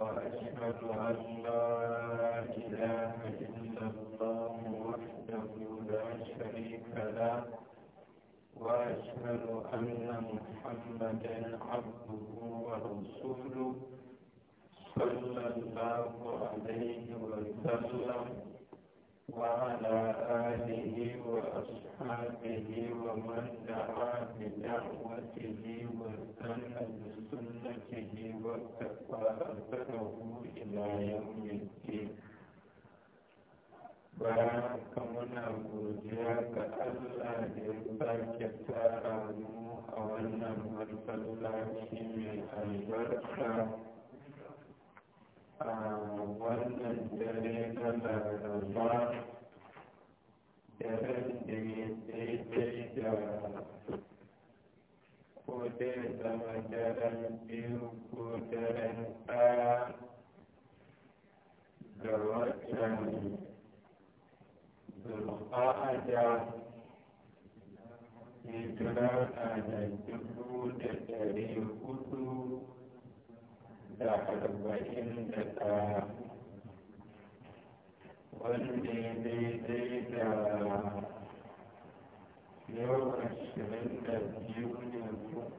وأشهد أن لا إله إلا الله وحده لا شريك له وأشهد أن محمدا عبده ورسوله صلى الله عليه وسلم وعلى آله وأصحابه ومن دعا بدعوته واستنى بسنته واتقى أثره إلى يوم الدين بارك منا godiya ga Allah da ya sake tsara mu a wannan masallaci mai albarka wannan dare na laraba daren da ya daidai da ko dai zama daren biyu ko daren ɗaya ga watan zulqa'ada hijira na da dubu da ɗari hudu da arba'in da ɗaya wanda ya daidai da yau ashirin da biyu ne ko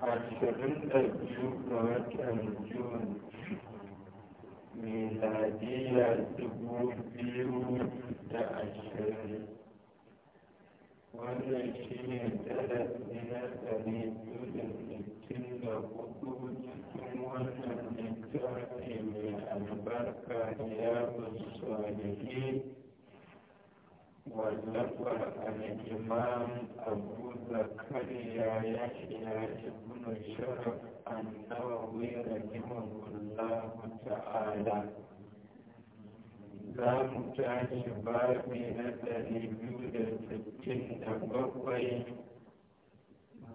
ashirin da biyu ga watan jun miladiyya dubu biyu da ashirin wannan shi ne darasi na ɗari biyu da sittin da hudu cikin wannan littafi mai albarka ya salihin wallafar al'imam abu zakariya ya shiga ibn sharaf an nawawi rahimahullahu ta'ala za mu tashi babi na ɗari biyu da sittin da bakwai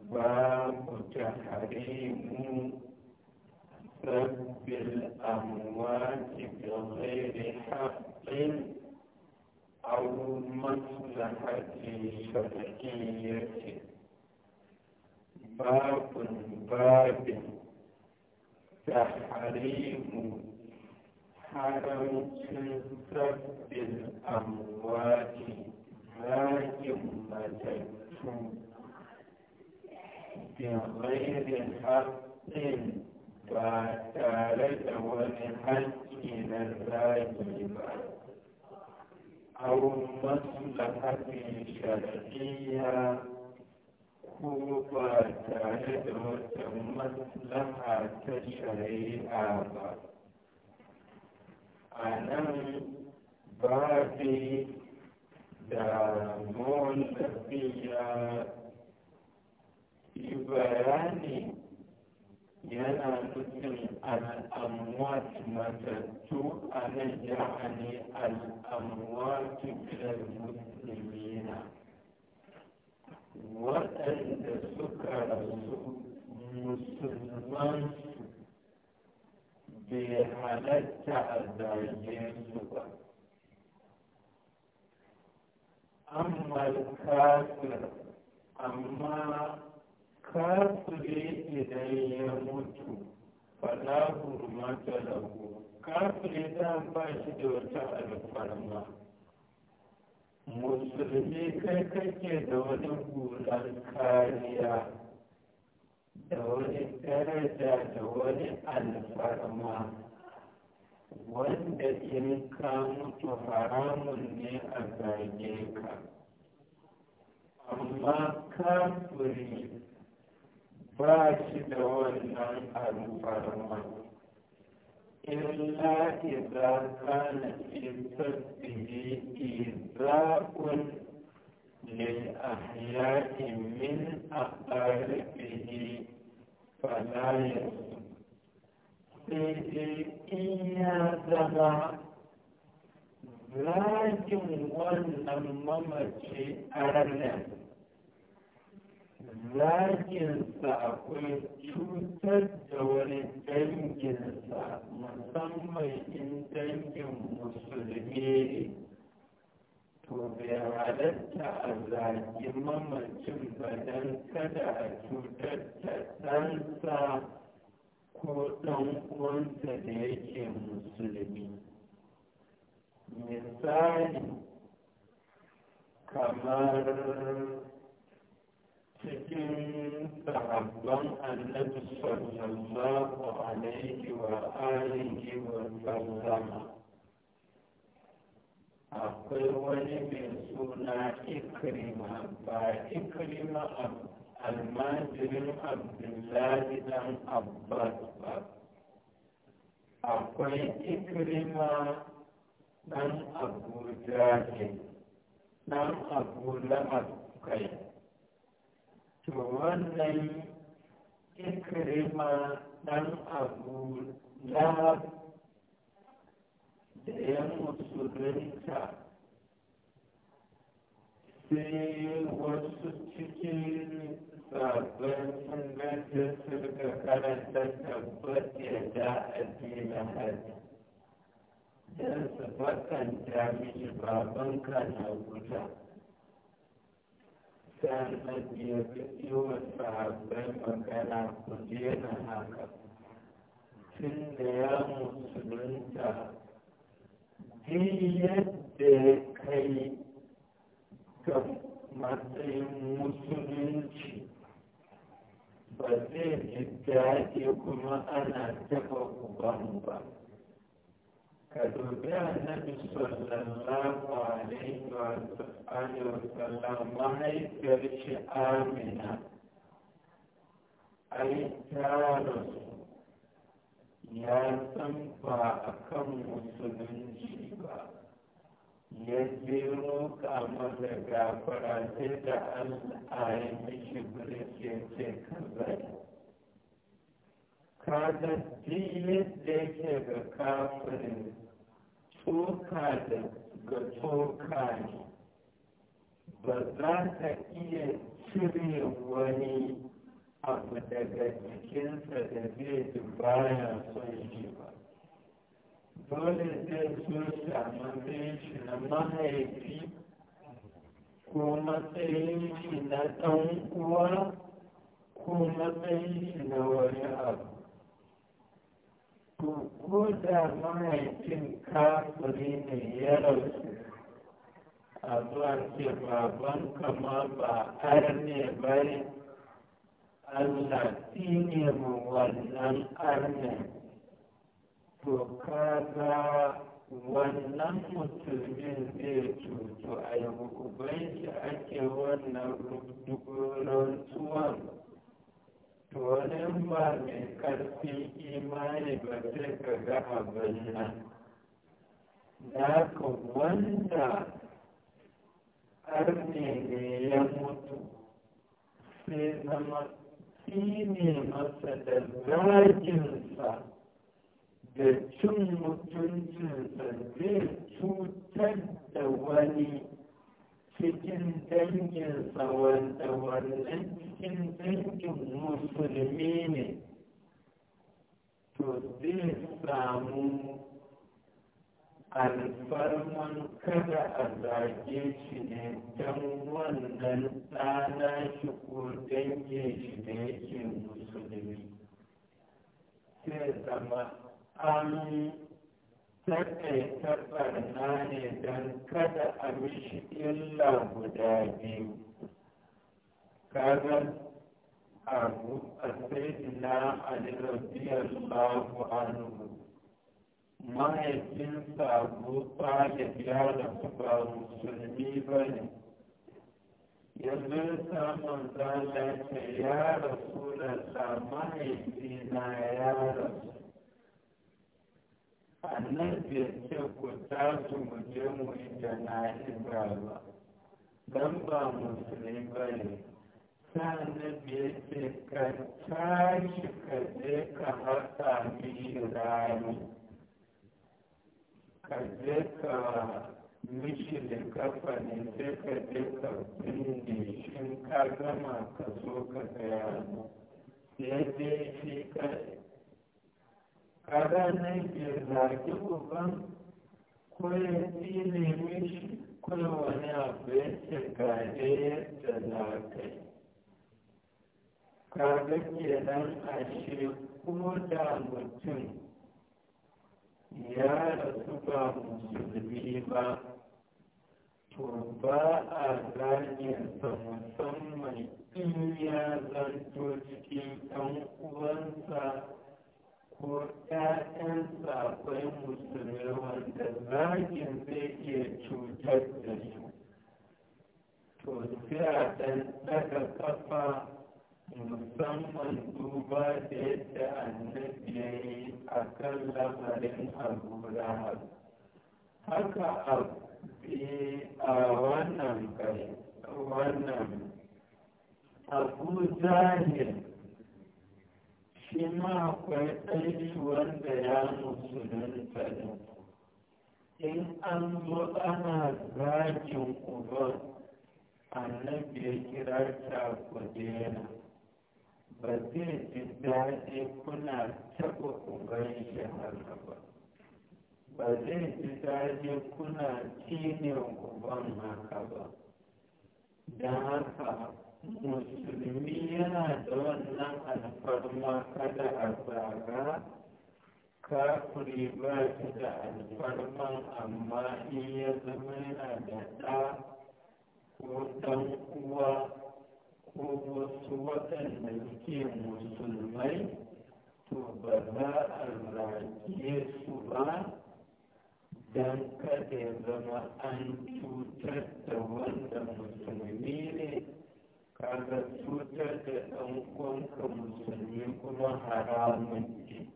babu taharimu sabbil amwati bi ghairi haqqin aw maslahati shar'iyyati babun babin taharimu yawancin sabbin amwati ragin matattu bin rairin haƙƙin ba tare da wani haƙƙi na zagi ba أو مصلحة شرعية كوبا تعد مصلحة شرعية a nan babi da mun tafiya bayani yana nufin al'amwat matattu a nan ya'ani al'amwat bilal musulmina waɗanda suka rasu musulman bai halatta a zage ba amma kafir amma kafiri idan ya mutu fala hurmata lahu kafiri za ba shi da wata alfarma musulmi kai kake da wani hular kariya da wani daraja da wani alfarma wanda in ka mutu haramun ne a zage ka amma kafiri ba shi da wannan alfarma illa idan kana fitar bihi izakun للأحياء من أقاربه falaye sai in ya zama wannan mamace arnan zaginsa akwai cutar da wani danginsa musamman in dangin musulmi to bai halatta a zaki mamacin badan kada a cutar da ko ɗan uwansa da yake musulmi misali kamar cikin sahabban annabi sallallahu alaihi wa alihi wa sallama akwai wani mai suna ikirima ba ikrima almajirin abdullahi dan abbas ba akwai ikirima dan abu jahil dan abu la'ab kai to wannan ikrima dan abu la'ab da ‘yan musulunta sai wasu cikin sabon sun gaji suka karanta tabbat da addinin hajji don su bakanta mishi babanka na wuta sannan ya fi wa sahabbai magana ku daina haka tun da ya musulunta yadda ya kai ga matsayin musulunci ba zai ji daɗi kuma ana taɓa uban ba ka dubi annabi sallallahu alaihi wa sallam mahaifiyar shi amina a ta rasu ya san ba a kan musulunci ba ya je roƙa masa gafara sai da Allah ya mishi birkin ce ka kaga duk yadda yake ga kafirin tsoka da ga tsoka ne ba za ka iya cire wani abu daga jikinsa da zai ji baya son shi ba dole zai so shi a matsayin shi na mahaifi ko matsayin shi na ɗan uwa ko matsayin shi na wani abu to ko da mahaifin kafiri ne ya rasu a zuwa ce baban kama ba har ne bari. Allah tsine mu wannan arnin to kaga wannan mutumin zai cutu a yi hukubanci ake wannan rantsuwan to wani ba mai karfin imani ba zai ka ga abin nan da ka wanda arni ne ya mutu sai zama shine masa da zaginsa da cin mutuncinsa zai cutar da wani cikin danginsa wanda wannan cikin dangin musulmi ne to zai samu alfarman kada a zage shi ne don wannan tsada shi ko dangin shi da yake musulmi sai zama an taƙaita barna ne don kada a mishi illa guda biyu kaga abu a sai na alirabiyar babu anhu mahaifinsa abu talib ya rasu ba musulmi ba ne yanzu ya samun zala ce ya rasu da mahaifina ya rasu annabi bai ce ku tasu mu je mu yi jana'iza ba don ba musulmi ba ne annabi ya ce ka tashi ka je ka haka mishi rami ka je ka mishi da kafa ne sai ka je ka binne shi ka gama ka zo ka gaya mu sai dai shi ka kada nan ke zaki uban ko ya tsine mishi ko wani abu ya ce gane yadda za ka yi kaga kenan ashe ko da mutum ya rasu ba musulmi ba to ba a ganiyarsa musamman in ya zanto cikin ɗan uwansa ko ‘ya'yansa akwai musulmi wanda zagin zai iya cutar da su to sai a ɗan ɗaga ƙafa musamman duba da yadda annabi ya yi a kan lamarin abu lahab haka a wannan kai wannan abu zahir shi ma akwai ɗari wanda ya musulunta da in an zo ana zagin uban annabi ya kira ta kudena ba zai ji daɗi kuna taɓa ubangiji haka ba ba zai ji daɗi kuna cinin uban haka ba don haka musulmi yana da wannan alfarma kada a zaga kafiri ba shi da alfarma amma in ya zama yana da ɗa ko ɗan uwa ko wasu waɗanda ke musulmai to ba za a rage su ba don kada ya zama an cutar da wanda musulmi ne kaga cutar da ɗan uwanka musulmi kuma haramun ce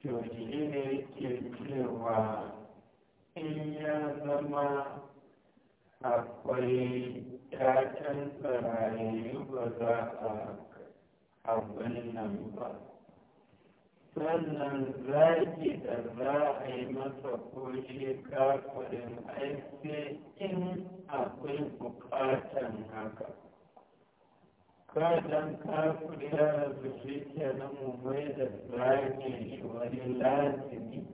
to shi ne ke cewa in ya zama akwai ƴaƴan tsirayi ba za a abin nan ba sannan zaki da za a yi masa ko shi aiki in akwai bukatan haka kadan kafir ya rabu shi kenan mu mai da zaki wani lazimi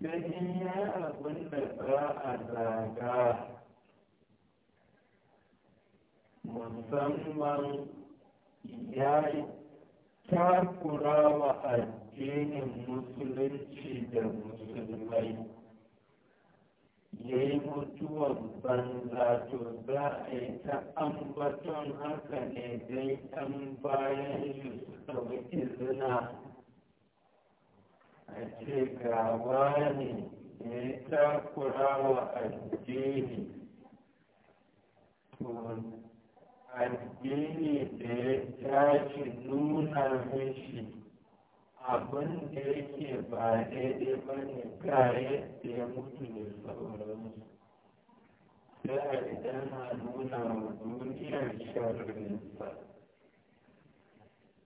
sai ya abin da za a zaga musamman ya yi takura wa addinin musulunci da musulmai ya yi mutuwar banza to za a yi ta ambaton haka ne dai an bayan yi su izina a ce gawa ne ya yi wa addini addini da ya tashi nuna mishi abin da yake ba daidai ba ne ga yadda ya mutu da sauransu da a idan nuna wa duniyar sharrinsa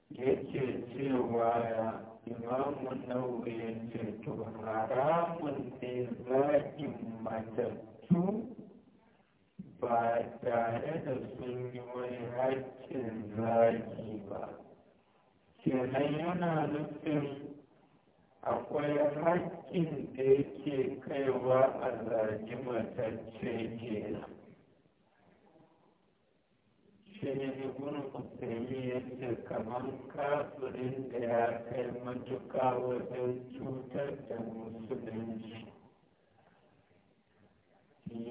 yake cewa ya imamun nau'i ya ce to haramun ne zagin matattu ba tare da sun yi wani haƙƙin zagi ba kenan yana nufin akwai haƙƙin da yake kaiwa a zagi matacce kenan shi ne ibn Usaimi ya ce kamar kafirin da ya kai matuka wajen cutar da musulunci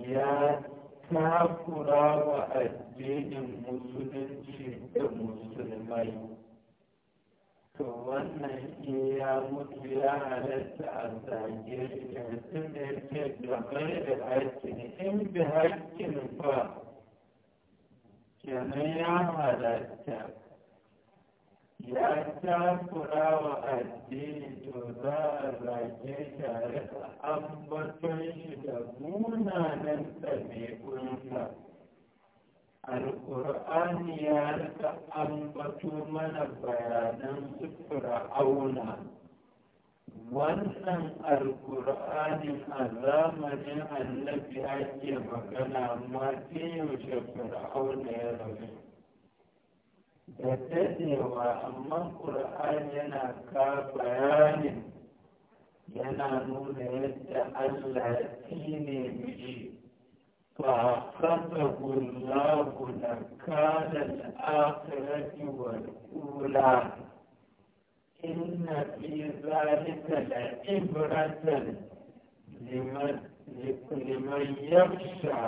ya takura wa addinin musulunci da musulmai to wannan iya mutu ya halatta a zage shi da ya ce game da haƙƙin in bi haƙƙin fa kenan ya halatta ya takura wa addini to za a zage tare da ambaton shi da munanan ɗabi'unsa alƙur'ani ya rika ambato mana bayanan sufura auna wannan alkur'anin a zamanin annabi ake magana amma ta yaushe fir'auna ya rabu da daɗewa amma ƙur'an yana ka bayanin yana nuna yadda allah shi ne mishi da الله نكال الآخرة ula. إن في ذلك لعبرة لمن يخشى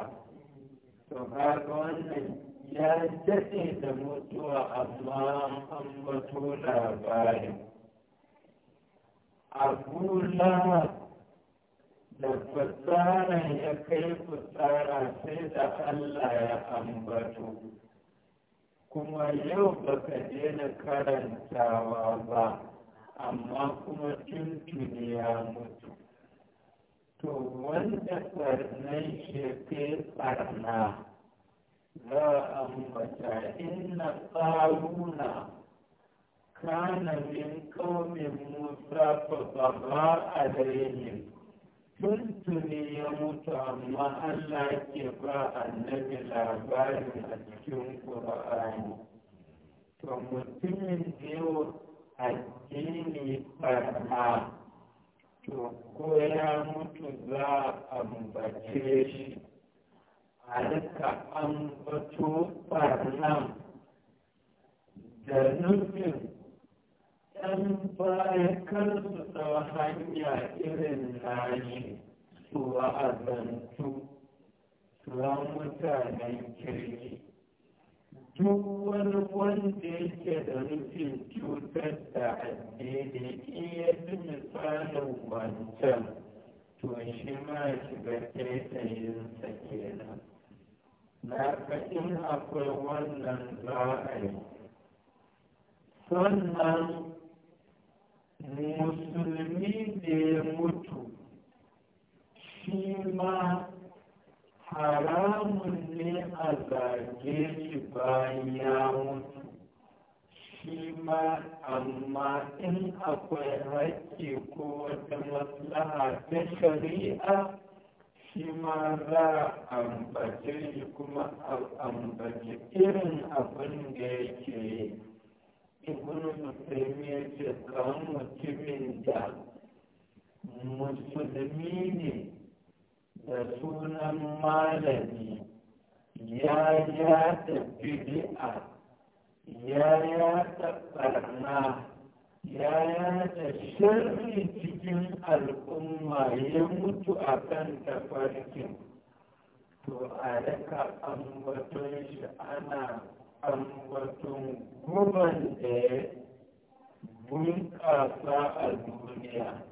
فقال يا التي تموت الله أمته لا بارك أقول لها لفتارا يكيف تارا سيد الله يا أمته kuma yau baka daina karantawa ba amma kuma tuntuni ya mutu to wanda ɓarnan shekai ɓarna za a mata inna tsaruna kana min kaumin musa fa ba a alaihim tuntuni ya mutu amma Allah ke ba annabi labarin a cikin ƙur'ani to mutumin da yau addini farha to ko ya mutu za a ambace shi a rika ambato farnan da nufin ɗan baya kar su ɗau hanya irin nashi su wa'azantu ran mutanen kirki duk wani wanda yake da nufin cutar da addini iya ya ji misalin wancan to shi ma shiga taitayinsa kenan na ka in akwai wannan za a yi sannan musulmi da ya mutu shi ma haramun ne a zage shi bayan ya mutu shi ma amma in akwai haƙƙi ko wata maslaha ta shari'a shi ma za a ambace shi kuma a ambace irin abin da yake yi ibn musulmi ya ce kan mutumin da musulmi ne da sunan malami ya yada bid'a ya ta barna ya yada shirri cikin al'umma ya mutu a kan tafarkin to a raka ambaton shi ana ambaton guban da ya bunƙasa a duniya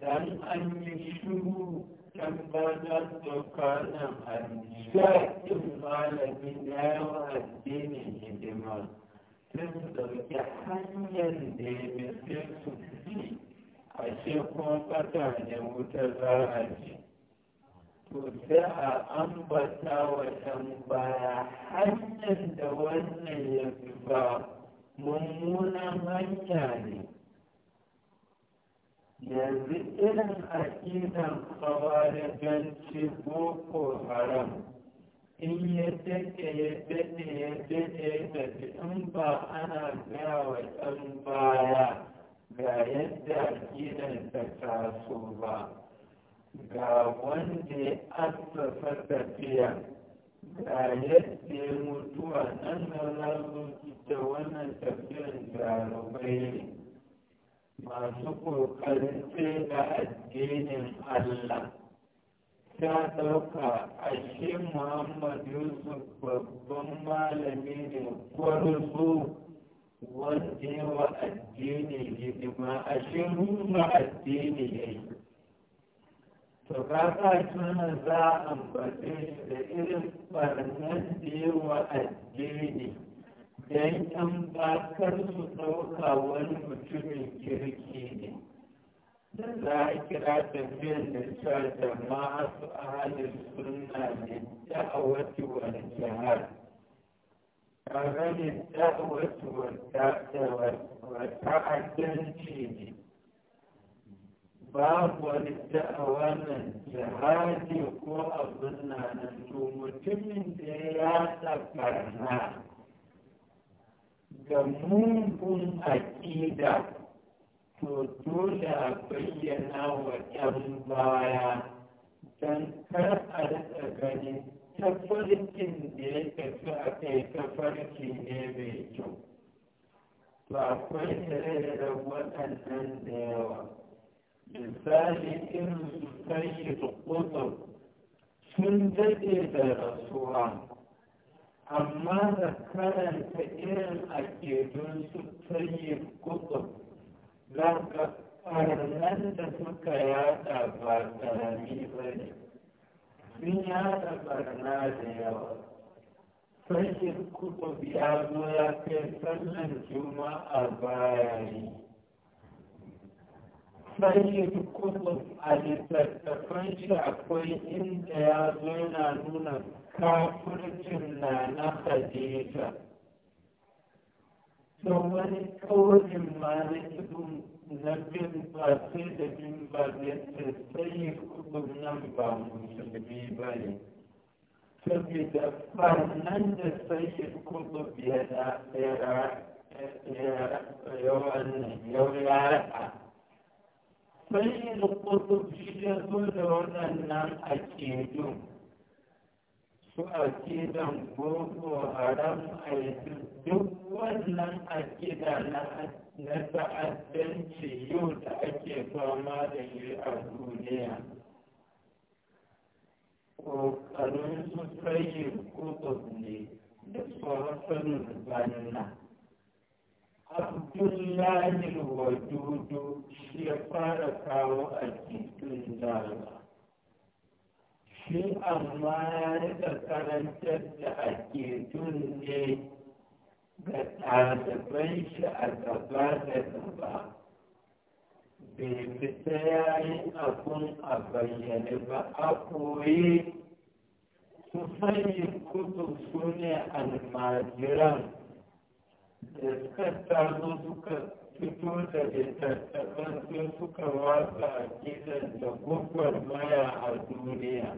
dan an yi shuru dan ba za su kanan hadisin malami na yawan addinin hidima sai su ɗauki hanyar da ya bi sai su fi ashe kuma ƙasa ne wuta za a ji to a ambata wa tambaya baya hanyar da wannan ya fi ba mummunan hanya ne yanzu irin aƙidan kawariganci boko haram in ya daɗe ya daɗe ya daɗe da in ba ana gaya wa ɗan baya ga yadda aƙidan ta taso ba ga wanda ya asafa tafiya ga yadda ya mutuwa nan da su da wannan tafiyan jarubai ne masu ƙoƙarin sai da addinin Allah ta ɗauka a shi Muhammad Yusuf babban malami ne kwarzo wanda yawa addini a shi nuna addini ne to kaga tun za a ambace da irin barnan da yi wa addini don yan bakar su ɗauka wani mutumin kirki ne da za a kira tafiyar da cewa jama'a su a halin suna ne da'awati wani jihar kaga ne da'awati wata ta'addanci ne babu wani da'awa nan jihadi ko abin na nan to mutumin da ya yasa barna ga mugun aƙida to dole a bayyana wa 'yan baya don kar a rasa ganin tafarkin da ya tafi a kai tafarki ne mai kyau ba akwai da waɗannan da yawa لذلك سيد قطب sun daɗe da rasuwa amma da karanta irin aƙidun su tsaye kutub za ka farnan da suka yada ba ƙarami ba ne sun yada barna da yawa tsaye kutub ya zo ya kai sallan juma'a baya yi sashi hukumu a littattafan shi akwai inda ya zo yana nuna kafircin na na hadisa to wani kawai ma na na bin ba sai da bin ba da yadda sai hukumu nan ba musulmi ba ne saboda farnan da sai hukumu ya da ya yawan ya bayyana ƙofofi da zo da waɗannan aƙidun su aƙidan boko haram a duk wannan aƙida na ta'addanci yau da ake fama da yi a duniya ƙoƙarin su sayi kutub ne da tsohon sanin banna abdullahi wadudu shi ya fara kawo a cikin dama shi amma ya rika karantar da akidun ne ga ɗaliban shi a gaba da gaba bai fita yi abun a bayyane ba a koyi su fanyi kudu su ne almajiran da su suka fito da littattafan sai suka wasa a gidan da gwagwarmaya a duniya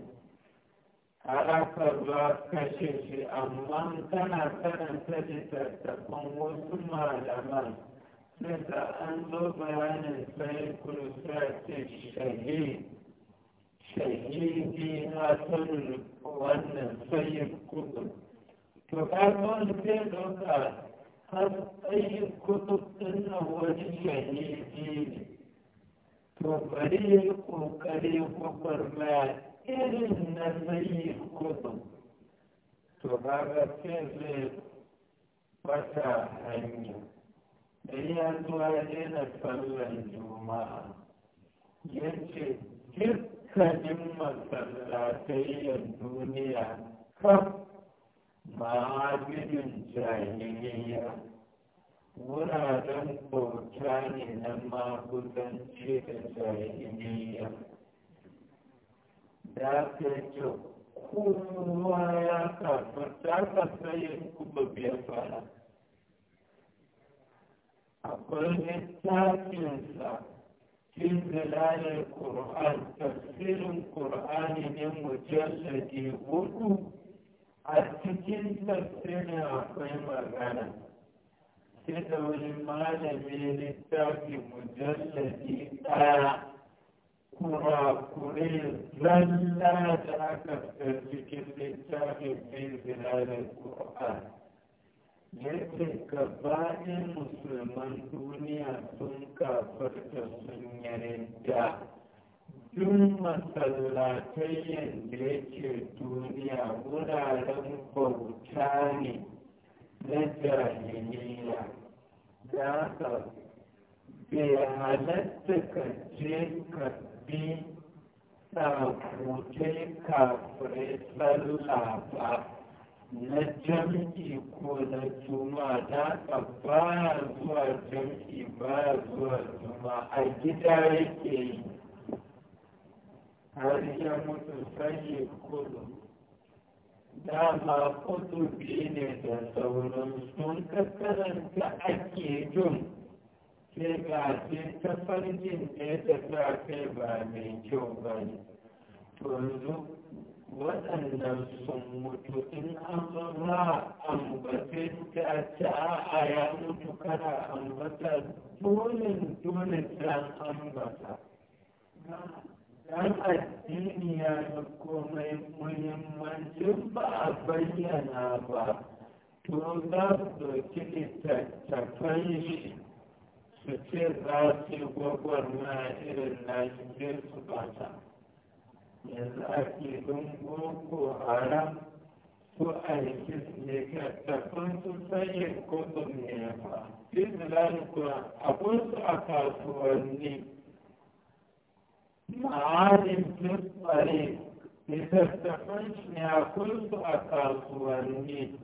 harakar ba kashe shi amma kana karanta littattafan wasu malaman sai da an zo bayanin sai kursa ce shahid shahidi na sanin wannan sayin kudu to kaga wani sai har tsayin kutub ɗin nan wani shahidi ne to bari ya yi ƙoƙari gwagwarmaya irin na zai kutub to kaga sai zai fata hanyu da ya zuwa yana sallar juma'a ya ce dukkanin masallatai duniya kaf ma'abidin jahiliya wuraren bauta ne na magudanci da jahiliya da ta ce kowa ya kafarta ka sayin kuma biyar fara akwai littafinsa cikin zilalar ƙur'an tafsirin ƙur'ani ne mujalladi hudu a cikin tafsirin akwai magana sai da wani malami littafi mujalladi ɗaya kurakure zalla da aka fitar cikin littafin mai zilalar ƙur'an yadda gabanin musulman duniya sun kafarta sun yarinta tun masallatai da yake duniya wuraren bauta ne na jahiliya da haka bai halatta ka je ka bi sabutai kafirai sallah ba na jam'i ko na juma da ka ba zuwa jam'i ba zuwa juma a gida yake yi wani ya mutu sai kudu dama kudu biyu ne da sauran sun kakkaranta ake jin sai ga ce ta farjin da ta kai ba mai kyau ba ne to yanzu waɗannan sun mutu in an zama ambace ta ta a ya mutu kana ambata dole dole ta bata. Yan addini ya da komai muhimmancin ba a bayyana ba to za su ɗauki littattafan shi su ce za su yi gwagwarmaya irin nashi sai su bata yanzu ake don boko haram ko a yanki ne ka tafan su sanya kotun ne ba. Izinani kuwa, abun su a kasuwanni ma'adin tsare littattafan shiyakun su a kasuwanni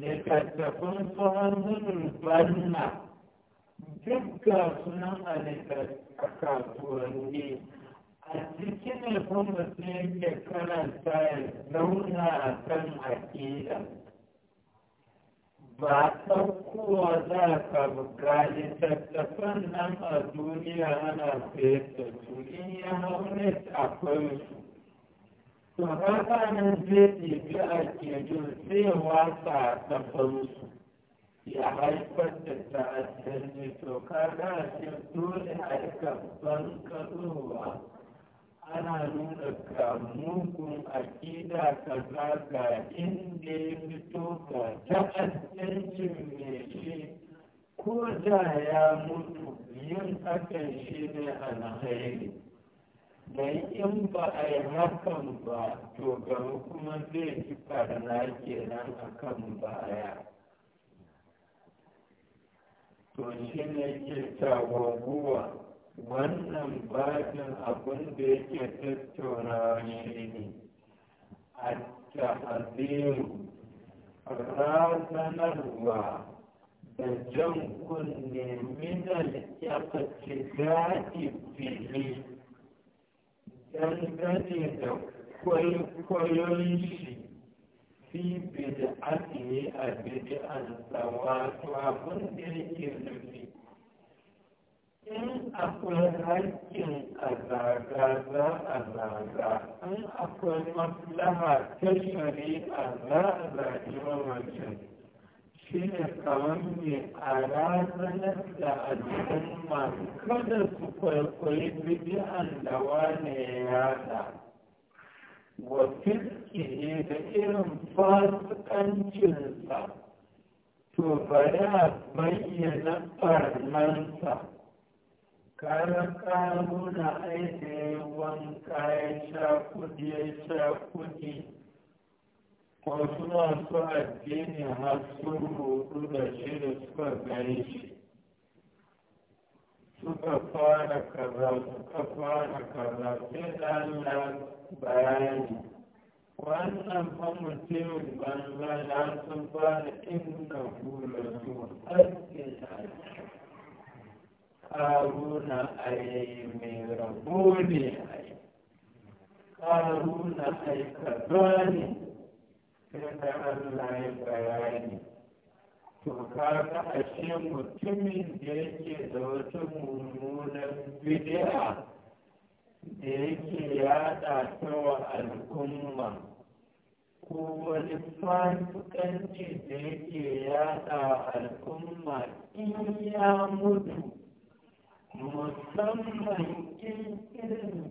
littattafan su hannun banna duk ga suna a kasuwanni a cikin alfamar ne ke karanta ya zauna a kan aƙida ba kowa za ka buga littattafan nan a duniya ana fesa su in ya haune akwai su to haka nan zai ɗibi a kejun sai wasa ta su ya haifar da ta ta'addanci to kaga shi dole a yi kafin kaɗowa ana nuna ka mugun akida ka za ka inda ya fito ka ta'addancin mai shi ko da ya mutu yin hakan shi ne alhairi don in ba a yi hakan ba to gaba kuma zai ci fara kenan a kan baya to shi ne ke tawaguwa wannan babin abin da yake tattauna ne ne a tahaziru razanarwa da jan kunne minal yakati zaɗi fili dangane da kwaikwayon shi fi bid'ati a bidi'an sawa to abin da yake nufi in akwai haƙƙin a zaga an in akwai maslaha ta shari'a za a zaɓi mamacin shi ne kamar mai a ranar da al'umma kada su kwaikwayi bidiyan da wane ya yada wa fiskihi da irin fasikancinsa to bari a bayyana ɓarnansa karanta nuna aiki wanka ya sha kudi ya sha kudi wasu masu addini har sun rudu da shi da suka gare shi suka fara kaza suka fara kaza sai da Allah bayani wannan fa mutumin banza na sun fara inda kula su haske da karuna ai mai rabo ne ai karuna ai kaza ne kada Allah ya bayani to kaga ashe mutumin da yake da wata mummunan bid'a da yake yada ta wa al'umma ko wani fasikanci da yake yada al'umma in ya mutu musamman in irin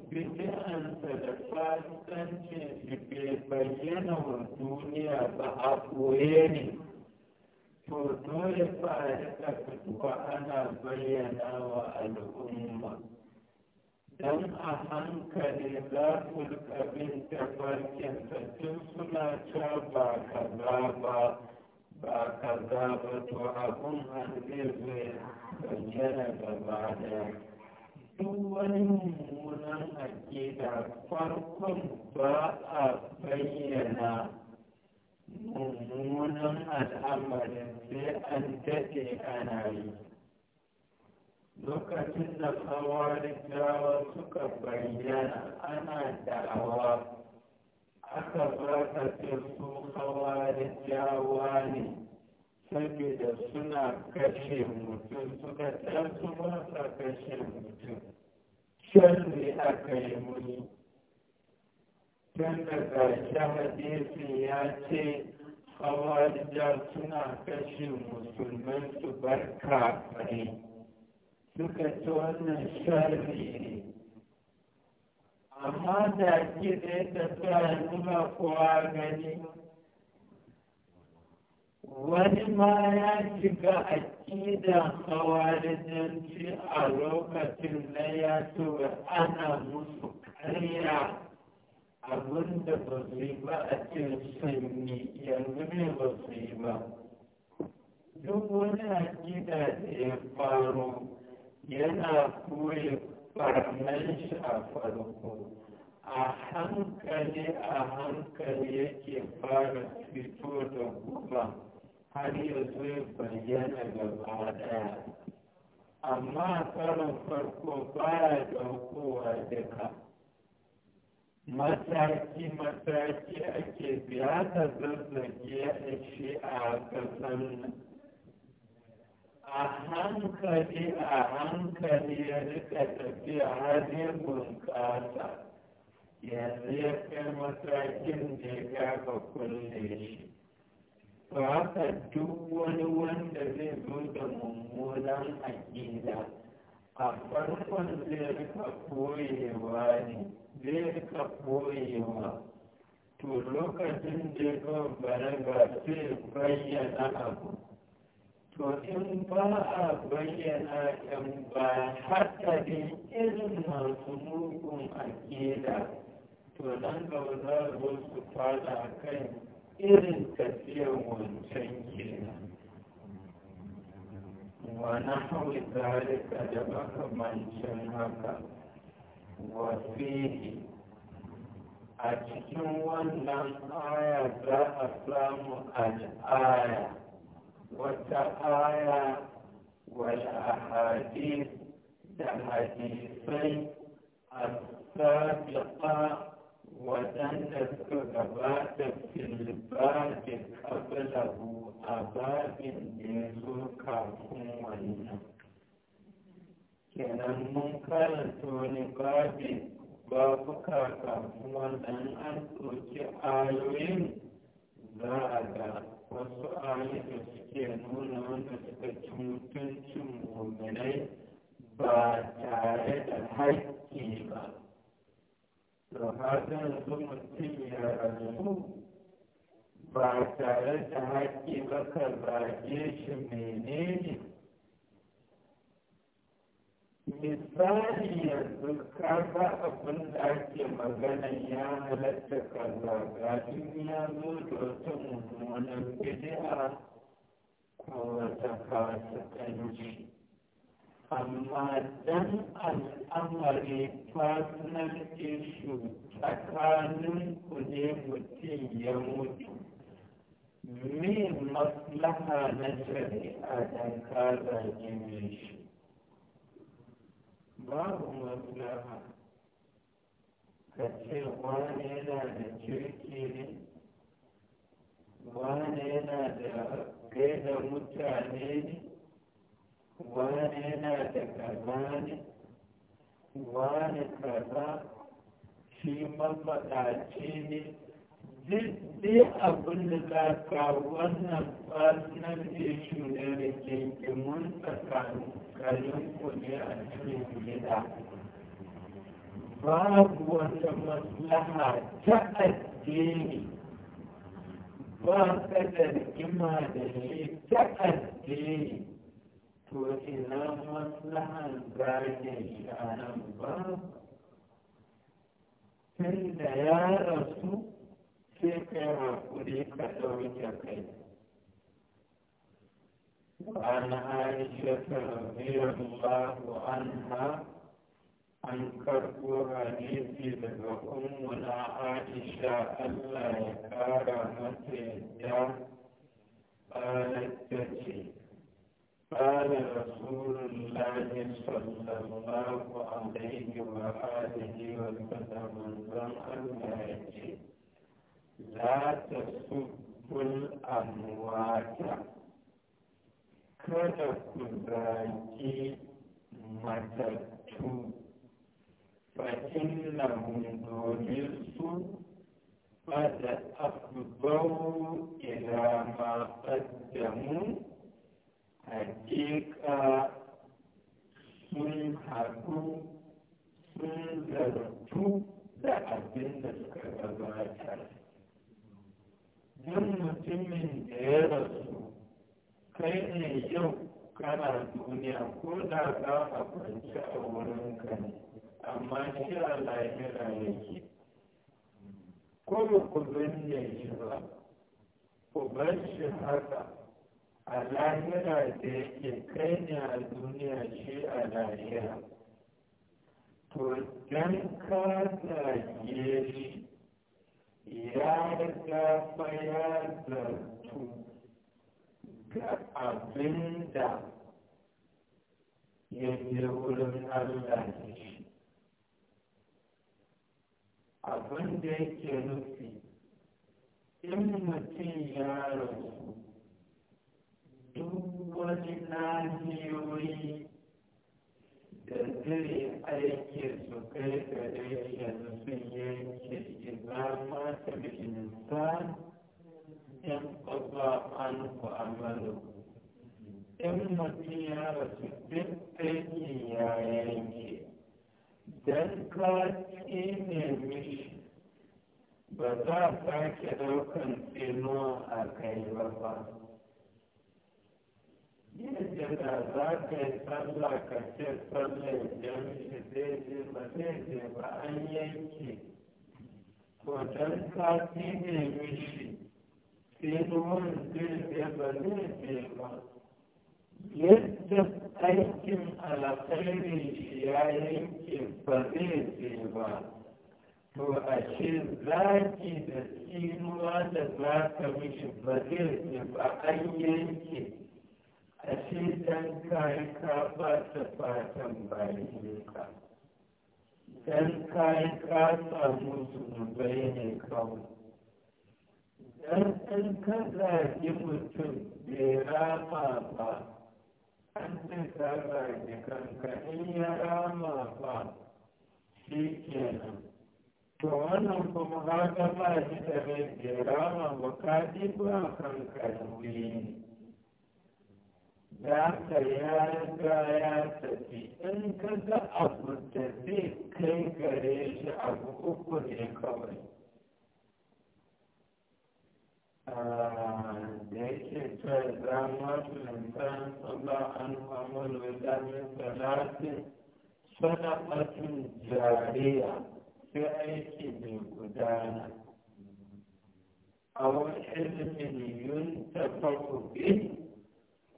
bidiyansa da fasikanci shi ke bayyana wa duniya ba a koye ne to dole ba a rika fitowa ana bayyana wa al'umma Dan a hankali za su rika bin tafarkinsa tun suna ta ba kaza ba ba ka za ba to abun har zai zai bayyana gaba daya duk wani mummunan aƙida farkon ba a bayyana mummunan al'amarin sai an daɗe ana yi lokacin da tsawon jawa suka bayyana ana da'awa aka barkace su kawarin jawa ne saboda suna kashe mutum suka tasu masa kashe mutum shan ne aka yi muni tun da ƙarshe hadisi ya ce kawarja suna kashe musulman su bar kafirai suka ci wannan sharri ne amma da ke da ya tafiya kowa gani wani ma ya shiga a kidan hawarijanci a lokacin na ya tuba ana musu karya abin da ba su yi ba a cikin sanyi, yanzu ne ba su yi ba duk wani akida da ya faru yana koya barnan shafarko a hankali a hankali yake fara fito da guba har ya zo ya bayyana gaba daya amma karon farko baya daukowa duka mataki-mataki ake biya ta zazzage a ƙasar nan a hankali a hankali ya rika tafiya har ya bunƙasa yanzu ya kai matakin da ya gaga kulle shi to haka duk wani wanda zai zo da mummunan aƙida a farkon zai rika koyewa ne zai rika koyewa to lokacin da ya zo balaga sai bayyana abu to in ba a bayyana ɗan ba hatsarin irin masu mugun akida to nan gaba za zo su fada kan irin tafiyar wancan kenan wani hawi zalika da makamancin haka wafihi a cikin wannan aya za a samu al'aya Wata wa وتعالى والأحاديث الحديثين السابقة ولن أذكر في الباب قبله أباب لذكر هم kenan mun karanta wani babi babu kakafin wannan an ɗauki ayoyin za a gara wasu ayoyi suke nuna wanda suka ci mutuncin mummunai ba tare da haƙƙi ba to hakan su mutum ya rasu ba tare da haƙƙi ba ka zage shi menene misali yanzu ka ga abin da ake magana ya halatta kaza ga in ya zo da wata mummunan bidi'a ko wata fasikanci amma dan al'amari personal issue tsakanin ku ne mutum ya mutu me maslaha na shari'a don ka zage shi babu maslaha ka ce wani yana da kirki ne wani yana da gaida mutane ne wani yana da kaza ne wani kaza shi mafaɗaci ne duk abin da za ka wannan personal issue ne da ke kimun tsakanin kuɗi a cikin gida babu wata maslaha ta addini ba ka da rigima da shi ta addini to ina maslahan zagin yi a nan ba tun da ya rasu sai ka yi hakuri ka ɗauke kai وعن عائشة رضي الله عنها an karɓo hadisi daga ummuna aisha allah ya ƙara mata yadda ƙalatta ce ƙala rasulullahi sallallahu alaihi wa alihi wa sallam manzon allah ya la ta subbul amwata kada ku zaki matattu fa inna mun domin su قد أفضوا إلى ما قدموا حقيقة sun zartu da abin da suka gabata duk mutumin da ya rasu kai ne yau kana duniya ko da za a kwanci a wurin ka ne amma shi a lahira yake ko ba ku binne shi ba ku bar shi haka a lahira da yake kai ne a duniya shi a lahira to dan ka zage shi ya riga fa ya zartu ga abin da ya je wurin Allah da shi abin da yake nufi in mutum ya rasu duk wani nahiyoyi da tare aiki su kai gare yanzu sun yanke izama ta insan yan kwaba an ku amalu 'yan mutum ya rasu duk aiki ya yanke don ka tsine mishi ba za ka ke daukan tsino a kai ba ba yin da za ka yi sallah ka ce sallah jami'i daidai ba daidai an yanke to dan ka ne mishi sai ruwan daidai ba daidai ba yadda aikin alkhairi shi ya yanke ba daidai ba to zaki da tsinuwa da za ka mishi ba an yanke ashe dan kayi ka ba ta fatan bayan ka dan kayi ka samu zunubai ne kawai dan ɗan ka zagi mutum bai rama ba an ce ka zagi kanka in ya rama ba shi kenan to wannan kuma haka ba shi da bai rama ba ka ɗi ba kanka da wuri da haka ya riga ya tafi in ka ga abu da zai kai gare shi abu uku ne kawai ah, da yake cewa zama lantan tsalla an da wadannan suna sana'atun jariya sai aiki mai gudana a wani ilimin yun tafafu biyu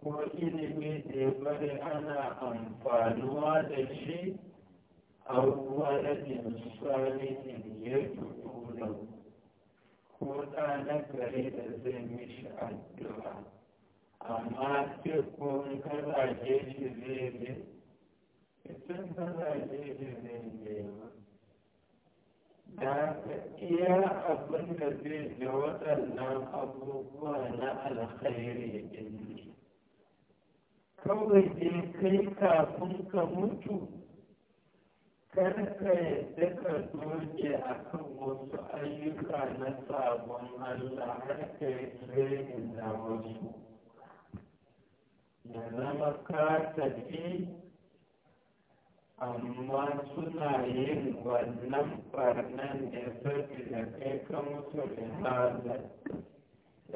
ko ilimi da bari ana amfanuwa da shi a wadannan salihin ya tuno ko da na gari da zai mishi addu'a amma ce ko in karaje shi zai ne idan karaje shi zai ne da iya abin da zai da waɗannan abubuwa na alkhairi ɗin kawai dai kai kafin ka mutu karka ka yadda ka doge a kan wasu ayyuka na sabon Allah har ka yi training na wasu ya zama ka tafi amma suna yin wannan barnan da sabi da kai ka mutu da hazard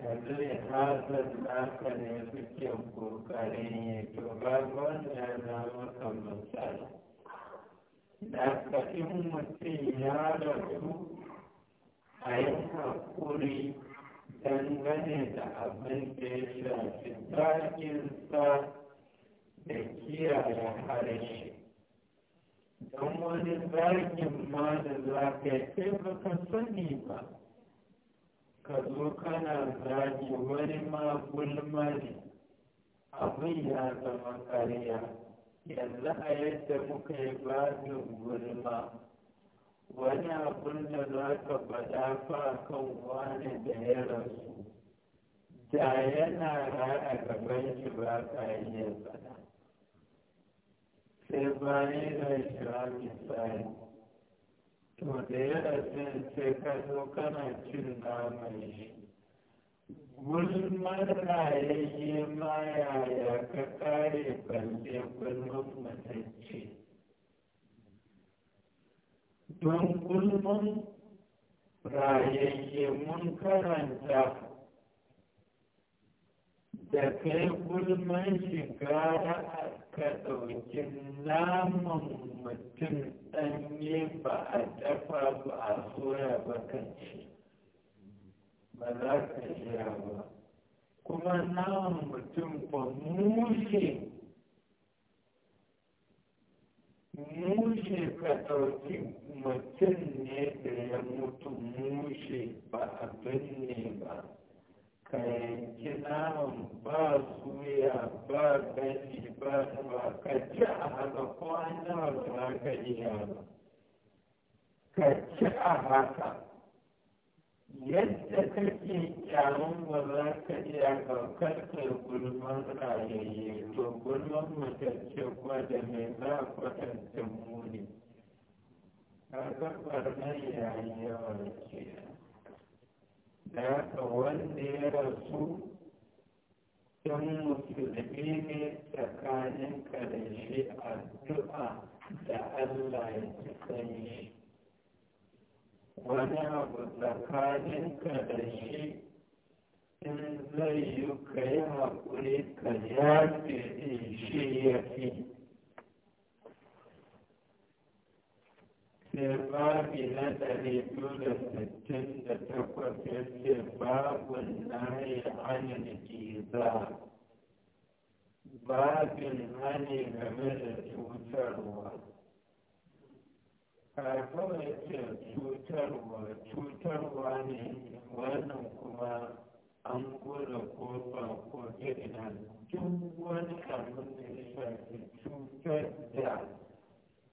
yanzu ya hasar naka ne suke kokarin yi to babban ya zama kamar tsara daga in mutum ya rasu a yi haƙuri dangane da abin da ya shafi bakinsa da kiyaye harshe don wani zagin ma da za ka yi ba ka sani ba ka zo kana zagi wani ma gulma ne abin ya zama karya yanzu a yadda muka yi babin gulma wani abin da za ka faɗa fa kan wani da ya rasu da yana ra'a gaban shi ba ka iya faɗa sai bayan rashin misali to da ya rasu sai ka zo kana cin naman shi gulmar rayayye ma yaya ka kare balle gulman matacce don gulman rayayye mun karanta da kai gulman shiga ka ɗauki naman mutum ɗanye ba a dafa ba a soya ba ka ci ba za ka iya ba kuma naman mutum ba mushe mushe ka ɗauki mutum ne da ya mutu mushe ba a binne ba ka yanki naman ba suya ba gani ba ba ka ci a haka ko an nama ba za ka iya ba ka ci a haka yadda kake kyamun ba za ka iya ɗaukar gulman rayayye to gulman matacce kuma da mai za ku kwatanta muni a gabar nan yayi yawan kenan da haka wanda ya rasu don musulmi ne tsakanin karshe addu'a da Allah ya ci shi wani abu tsakanin karshe in zai yi ka yi haƙuri ka yafe shi ya fi sai babi na ɗari biyu da sittin da takwas ya ce babin nahi ke za. babin hani game da cutarwa kafin ya ce cutarwa cutarwa ne wannan kuma an gura kofa ko ina duk wani abin da ya shafi cutar da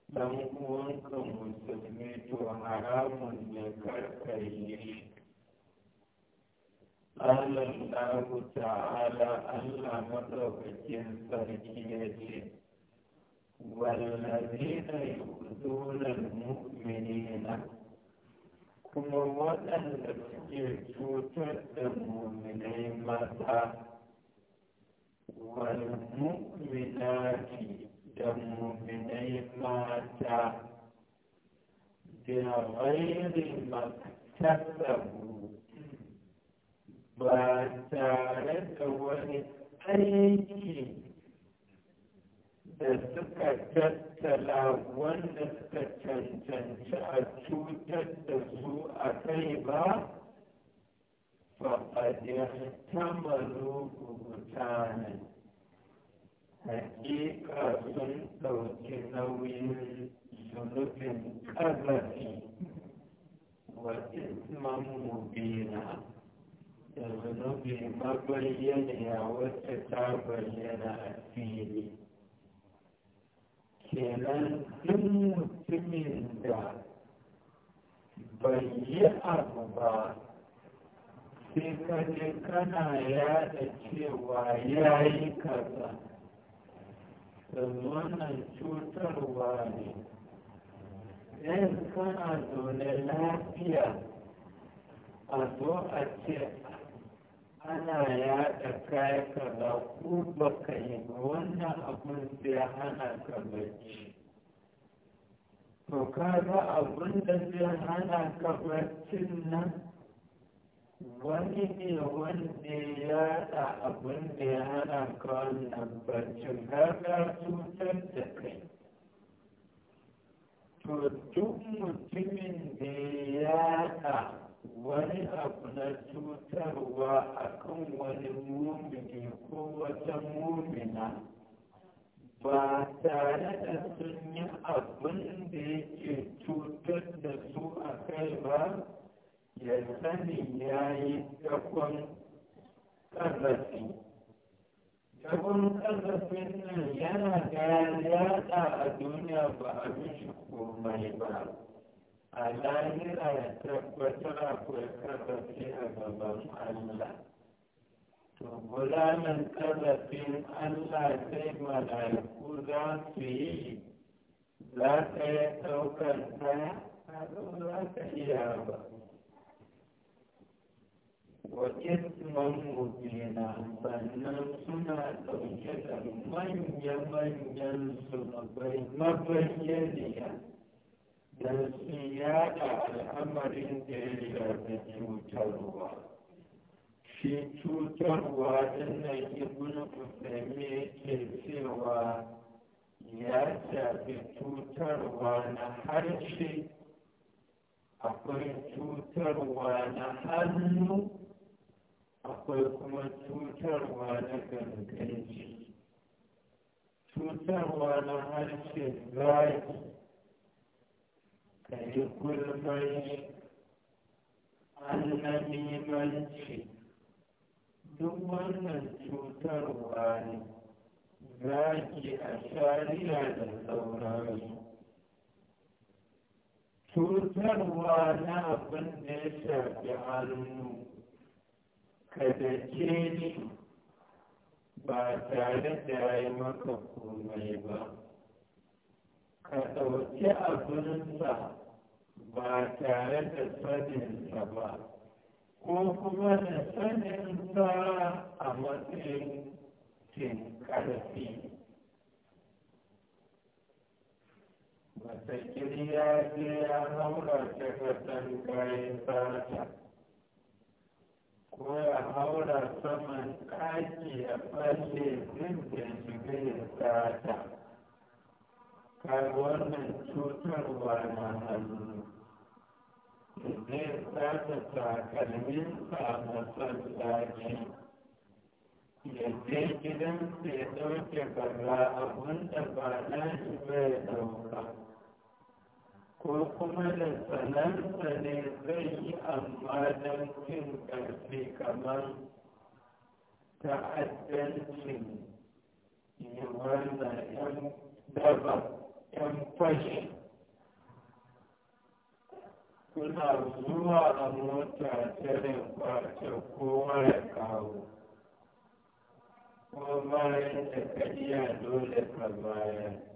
dan uwanka musulmi to haramun ne karka yi shi Alam ɗahu ala Allah maɗaukakin sarki ya ce, Wallazina yuzunan mu'minina kuma waɗanda suke cutar da mu'minai mata, wal mu'minati da muminai mata da ghairi maktasabu ba tare da wani aiki da suka tattala wanda suka cancanci a cutar da su a kai ba faɗaɗe ta malu hakika sun ɗauki nauyin zunubin ƙazafi wa isman mubina da zunubi mabayyaniya wata ta bayyana a fili kenan duk mutumin da bai yi abu ba sai kaje kana yada cewa ya yi kaza domin wannan cutarwa ne yan kana zaune lafiya a zo a ce ana yaɗa kayan kaza ko baka yi wannan abun zai hana ka bacci to kaga abin da zai hana ka baccin nan wani ne wanda ya yaɗa abin da ya hana ka wannan barcin cutar da kai to duk mutumin da ya yaɗa wani abu na cutarwa akan wani mumini ko wata mumina ba tare da sun yi abin da yake cutar da su a kai ba ya ya yi dakon ƙarfafi dakon ƙarfafin nan yana ga yaɗa a duniya ba a bishi komai ba a lahira ya tabbatar akwai ƙarfafi a gaban allah to gulamin ƙarfafin allah sai mala'iku za su yi za ka yi ɗaukar ta a za ka iya ba وإثما مبينا sannan suna ɗauke da manya-manyan zunubai mabayyaniya don su yada al'amarin da ya shafi cutarwa. Shi cutarwa ɗin na ibn Usami yake cewa ya shafi cutarwa na harshe akwai cutarwa na hannu akwai kuma cutarwa na ganganci cutarwa na harshe zaki ka yi gulmai annamimanci duk wannan cutarwa ne zaki a shari'a da sauransu cutarwa na abin da ya shafi hannu kadace ni ba tare da ya maka komai ba ka ɗauki abinsa ba tare da saninsa ba ko kuma da saninsa a matsayin cin ƙarfi matakiri ya je ya haura ta kasan kayan sata ya haura saman ɗaki ya fashe duk da shiga ya sata kaga wannan cutarwa na hannu zai sata takalminsa na son ɗaki ya je gidansa ya ɗauke kaza abinda ba na shi bai ɗauka ko kuma da tsananta ne zai yi amma don cin ƙarfi kamar ta'addancin yawanna 'yan daba 'yan fashi kuna zuwa a mota tare kwace kowa ya kawo ko bayan da ka iya dole ka bayan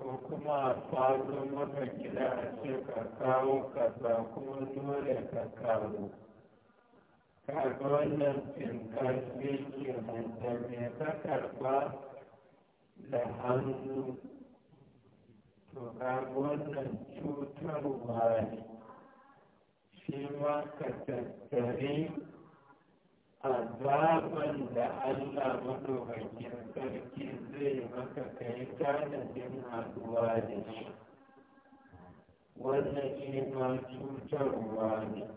ko kuma faɗo maka gida a ce ka kawo kaza kuma dole ka kawo kaga wannan tinkashi ke da me ka karba da hannu to kaga wannan cutarwa ne shi ma ka tattare azaban da Allah madaukakin sarki zai maka kai tanadin haduwa da shi wannan shi ma cutarwa ne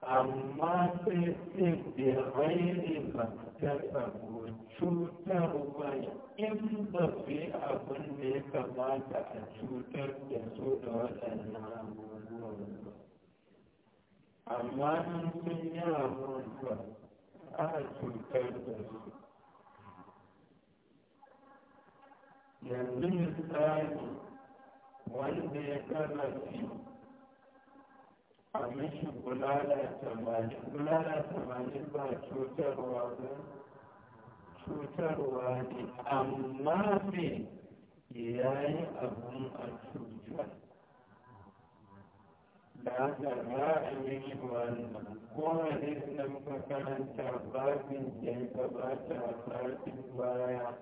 amma sai sai da raini ba ta sabo cutarwa in ba fi abin da ya kamata a cutar da su da waɗannan abubuwan ba amma in sun yi rabuwa aka cutar da su yanzu misali wanda ya karafi a mishi bulala tamanin bulala tamanin ba cutarwa ba cutarwa ne amma me ya yi abun a cutar da haka za a yi wannan ko hadisin da muka karanta babin da ya gabata a satin baya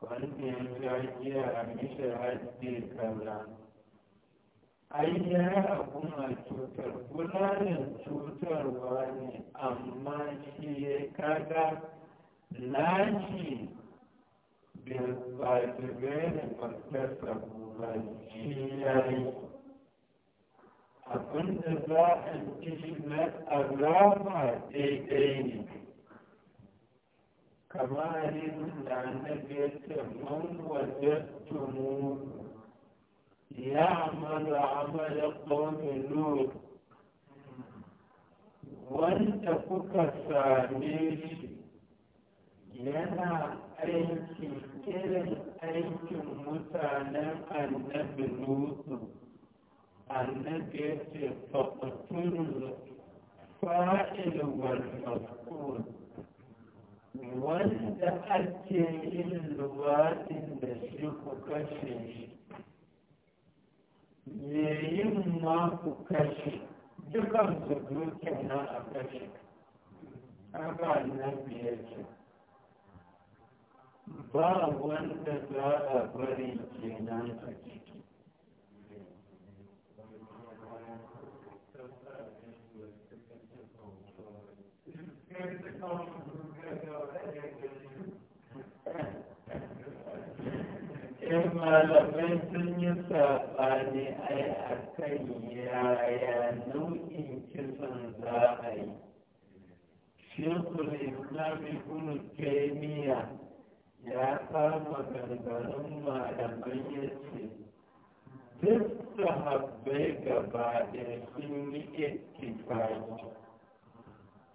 wanda ya iya a mishi haddi kaza ai ya abu na cutar gudanar cutarwa ne amma shi ya kaga nashi bai ba da gani ba ta sabuwa shi ya yi abinda za a ci na alama daidai ne kamar yin da annabi man wajattumu ya mana amala qawmi nur wanda kuka same shi yana aiki irin aikin mutanen annabi annabi ya ce faƙatun fa'il wal mafkul wanda ake yin luwaɗin da shi ku kashe shi me yin ma ku kashe dukan su duke a kashe haka annabi ya ce ba wanda za a bari kenan a ciki in malamai sun yi saɓani ai a kan yaya nau'in kisan za a yi shekul islami kuma taimiyya ya kama gangarin malamai ya ce duk sahabbai gaba ɗaya sun yi ittifaki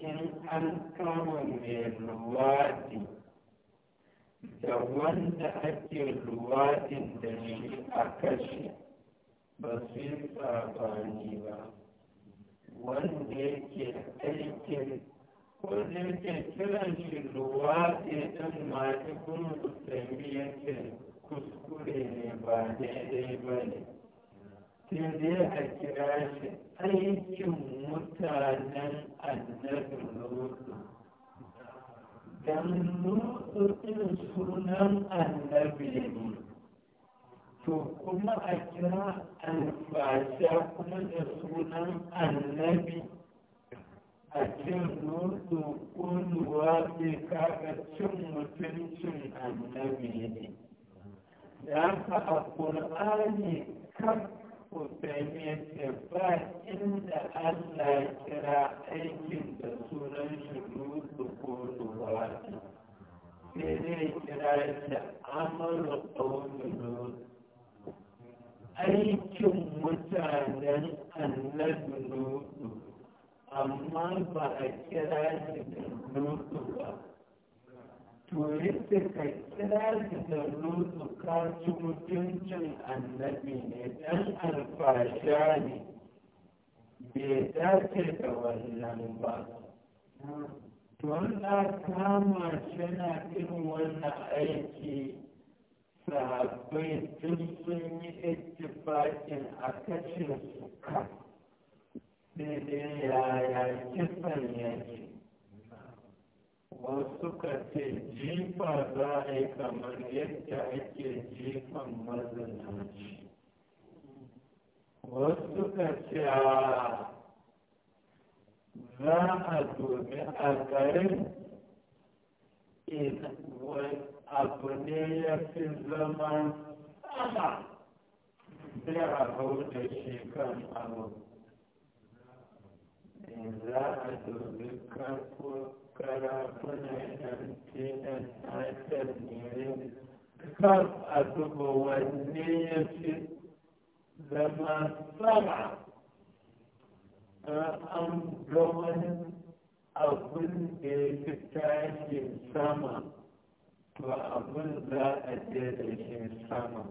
in an kama mai luwaɗi da wanda ake luwaɗin da shi a kashe ba su yi sabani ba wanda yake aikin ko zai yake kiran shi luwaɗi ɗin kuma ibn sami yake kuskure ne ba daidai ba ne. sai dai a kira shi aikin mutanen annabi Lutu. Lutu ɗin sunan annabi ne, to kuma a kira albasha kuma da sunan annabi a cin Lutu ƙulluwa bai kaga cin mutuncin annabi ne. Da haka a ƙur'ani kan ku taimi ba inda Allah ya kira aikin da sunan shi rudu ko duwata. Sai zai kira shi Amadu amurka ƙaunin Aikin mutanen annabi rudu, amma ba a kira shi da rudu ba. to yadda ka kira shi da lutu ka mutuncin annabi ne dan alfasha ne bai dace da wannan ba to na kama shi na irin wannan aiki sahabbai tun sun yi ittifaƙin a kashe su ka sai dai yaya kisan yake wasu ka ce jifa za a yi kamar yadda ake jifan mazinaci wasu ka ce za a domi a garin abu ne ya fi zama tsada sai a hau da shi kan abu za a domi karfo karafunan yankinan hatar a duba wanne ya fi zama sama an ga wani abin da ya fi tashi sama to abin za a je da shi sama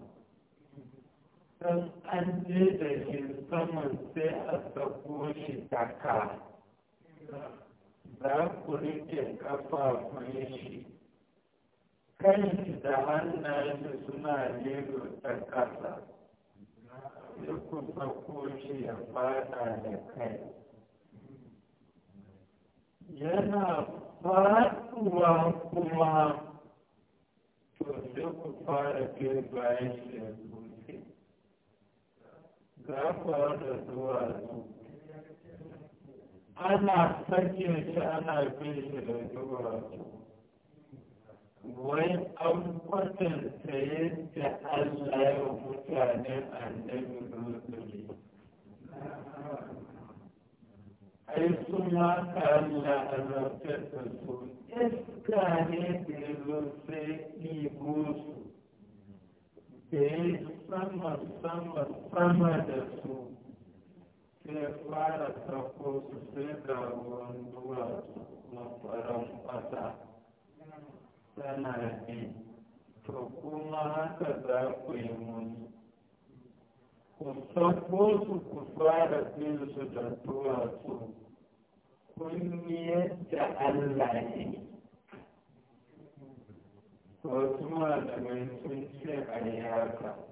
don an je da shi sama sai a sako shi daka. za ku rike kafafun shi kanki da hannayen suna lero ta ƙasa duk ku sako shi ya fada da kai yana faduwa kuma to sai ku fara ke bayan shi ya zuce za ku da zuwa zuwa ana sake shi ana bin shi da duwatsu wai an kwatanta yadda Allah ya mutanen annabi rusuli ai sun kalla a azabtar da su iska ne da ya zo sai ibo su da ya sama sama sama da su sai fara sako su sai da ruwan na faran ƙasa tana bi to kuma haka za ku yi muni ku sako su ku fara bin su da su kun yadda Allah ne wasu malamai sun ce a yaka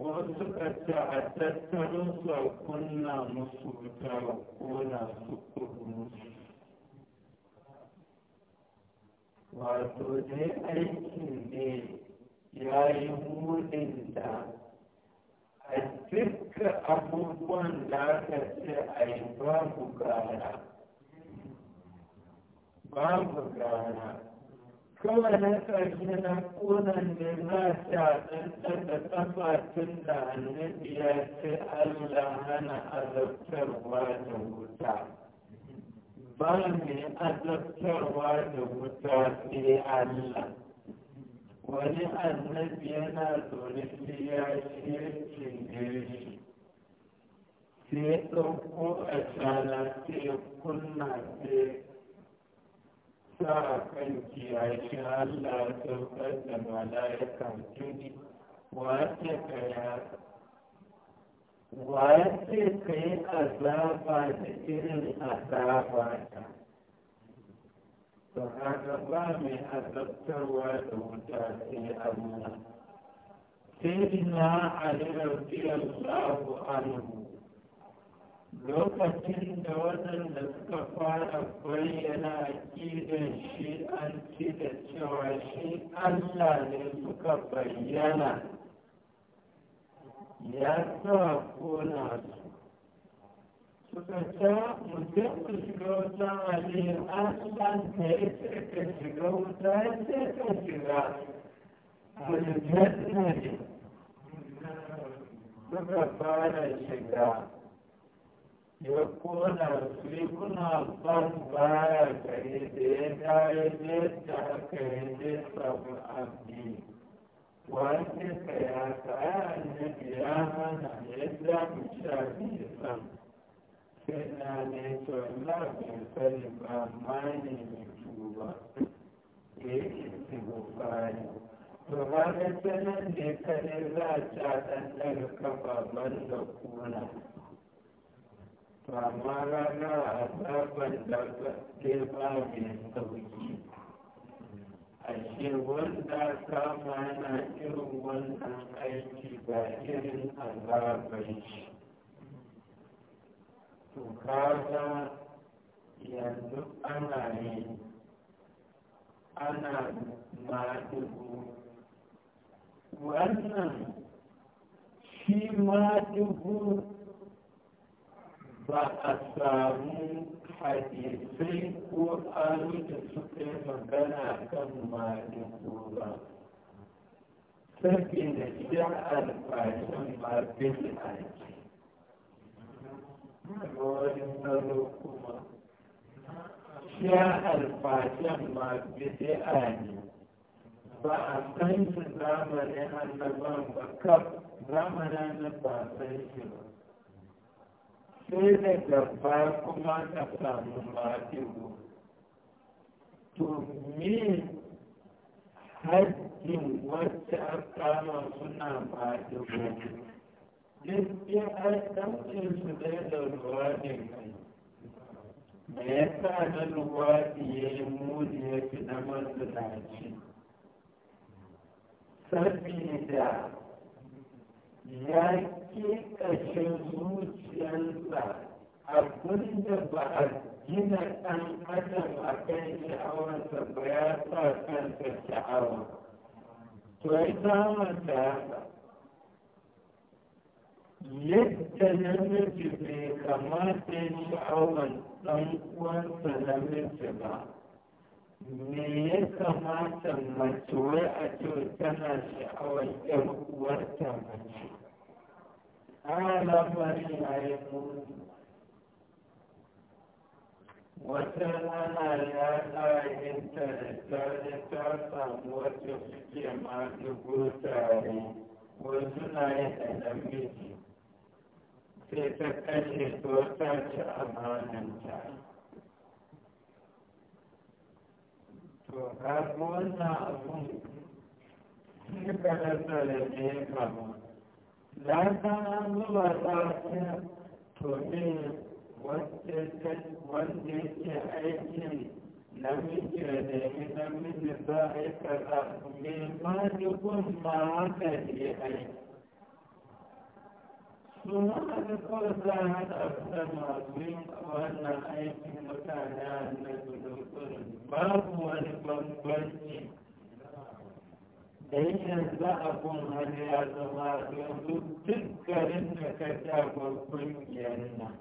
wasu suka ce a tattalin su a kunna musu wuta a kona su kurmusu wato dai aikin ne ya yi munin da a duka abubuwan da aka ce a yi babu gara babu gara kawai na za na kunan da na sha ɗanɗan da ƙafafun da annabi ya ce Allah hana azabtarwa da wuta. Ba mai azabtarwa da wuta sai Allah. Wani annabi yana zaune shi ya shirkin shi. Sai ɗauko a shana sai kunna sai sa kan a shi Allah ya saukar da mala'ikan tuni wace ka ya wace ka yi azaba da irin azaba ta to haka ba mai azabtarwa da wuta sai Allah sai ina a rarrabiyar Allah anhu lokacin da waɗanda suka fara bayyana a kiran shi an ci da cewa shi Allah ne suka bayyana ya sa kona su suka ce mutum ku shiga wuta wani Allah ta yi ce ka shiga wuta ya ce ka shiga mutum ne suka fara shiga ya kona riguna ban baya kare da ya dawo yadda aka yi ne sabon abdi wani ka ya kaya annabi ya hana yadda mu sha biyu san sai na ne to na bin sani ba ma ne mai tuba ya yi sigofari to ba da sanin ne kare za a ca ɗan ɗaga kafa ban da kuna amma rana a sabon da ke ba mai sauki wanda kama na irin wannan aiki ba irin azabar shi to kaga yanzu ana yi ana madugu wannan shi madugu ba a samu hadisai ko alu da suka yi magana kan maliku ba saboda ita alfashin ba bin ake wani tsaro kuma sha alfashin ma bidi'a ne ba a san shi zamanin annaban ba kaf zamanin ba san shi ba sai daga baya kuma ta samu matigo to me haddin wacce an kama suna matigo gaskiya an ɗauke su ɗaya da ruwaɗin kai me yasa na ruwaɗi ya yi muni ya fi na masu dace sabida ya ke ƙashin zuciyarsa abin da ba a gina ɗan adam a kan sha'awarsa ba ya sa kansa sha'awa to ya kama da yadda namiji bai kamata ya sha'awar ɗan uwansa namiji ba me ya kamata mace a ce tana sha'awar yan uwarta mace alamarin a yi muni wata rana ya ɗayinta da tare ta samu wata suke masu gutare wasu na yin da namiji sai ta kashe ta ci amananta to kaga wannan abun suka rasa da ɗaya kama da ta an zuba ta ce to ne wanda yake aikin namiji da ɗaya namiji za a yi kaza mai malikun ma haka ne aiki Sunan da kawai za a haɗa wannan aikin mutane a nan babu wani bambanci da yin za a kun hannu ya zama yanzu dukkanin da ka shafa kungiyar nan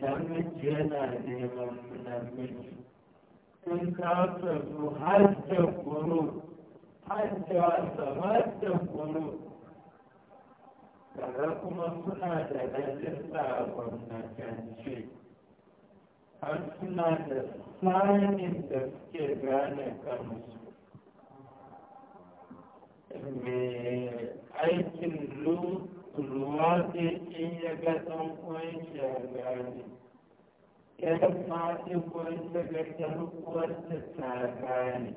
namiji yana neman namiji in ka zo har da kuro har da wasa har da kuro kaga kuma suna da rajista a gwamnatance har suna da tsarin da suke gane kansu mai aikin luwaɗe in ya ga ɗan kwan shi gane ta ga tarkuwarta ta gane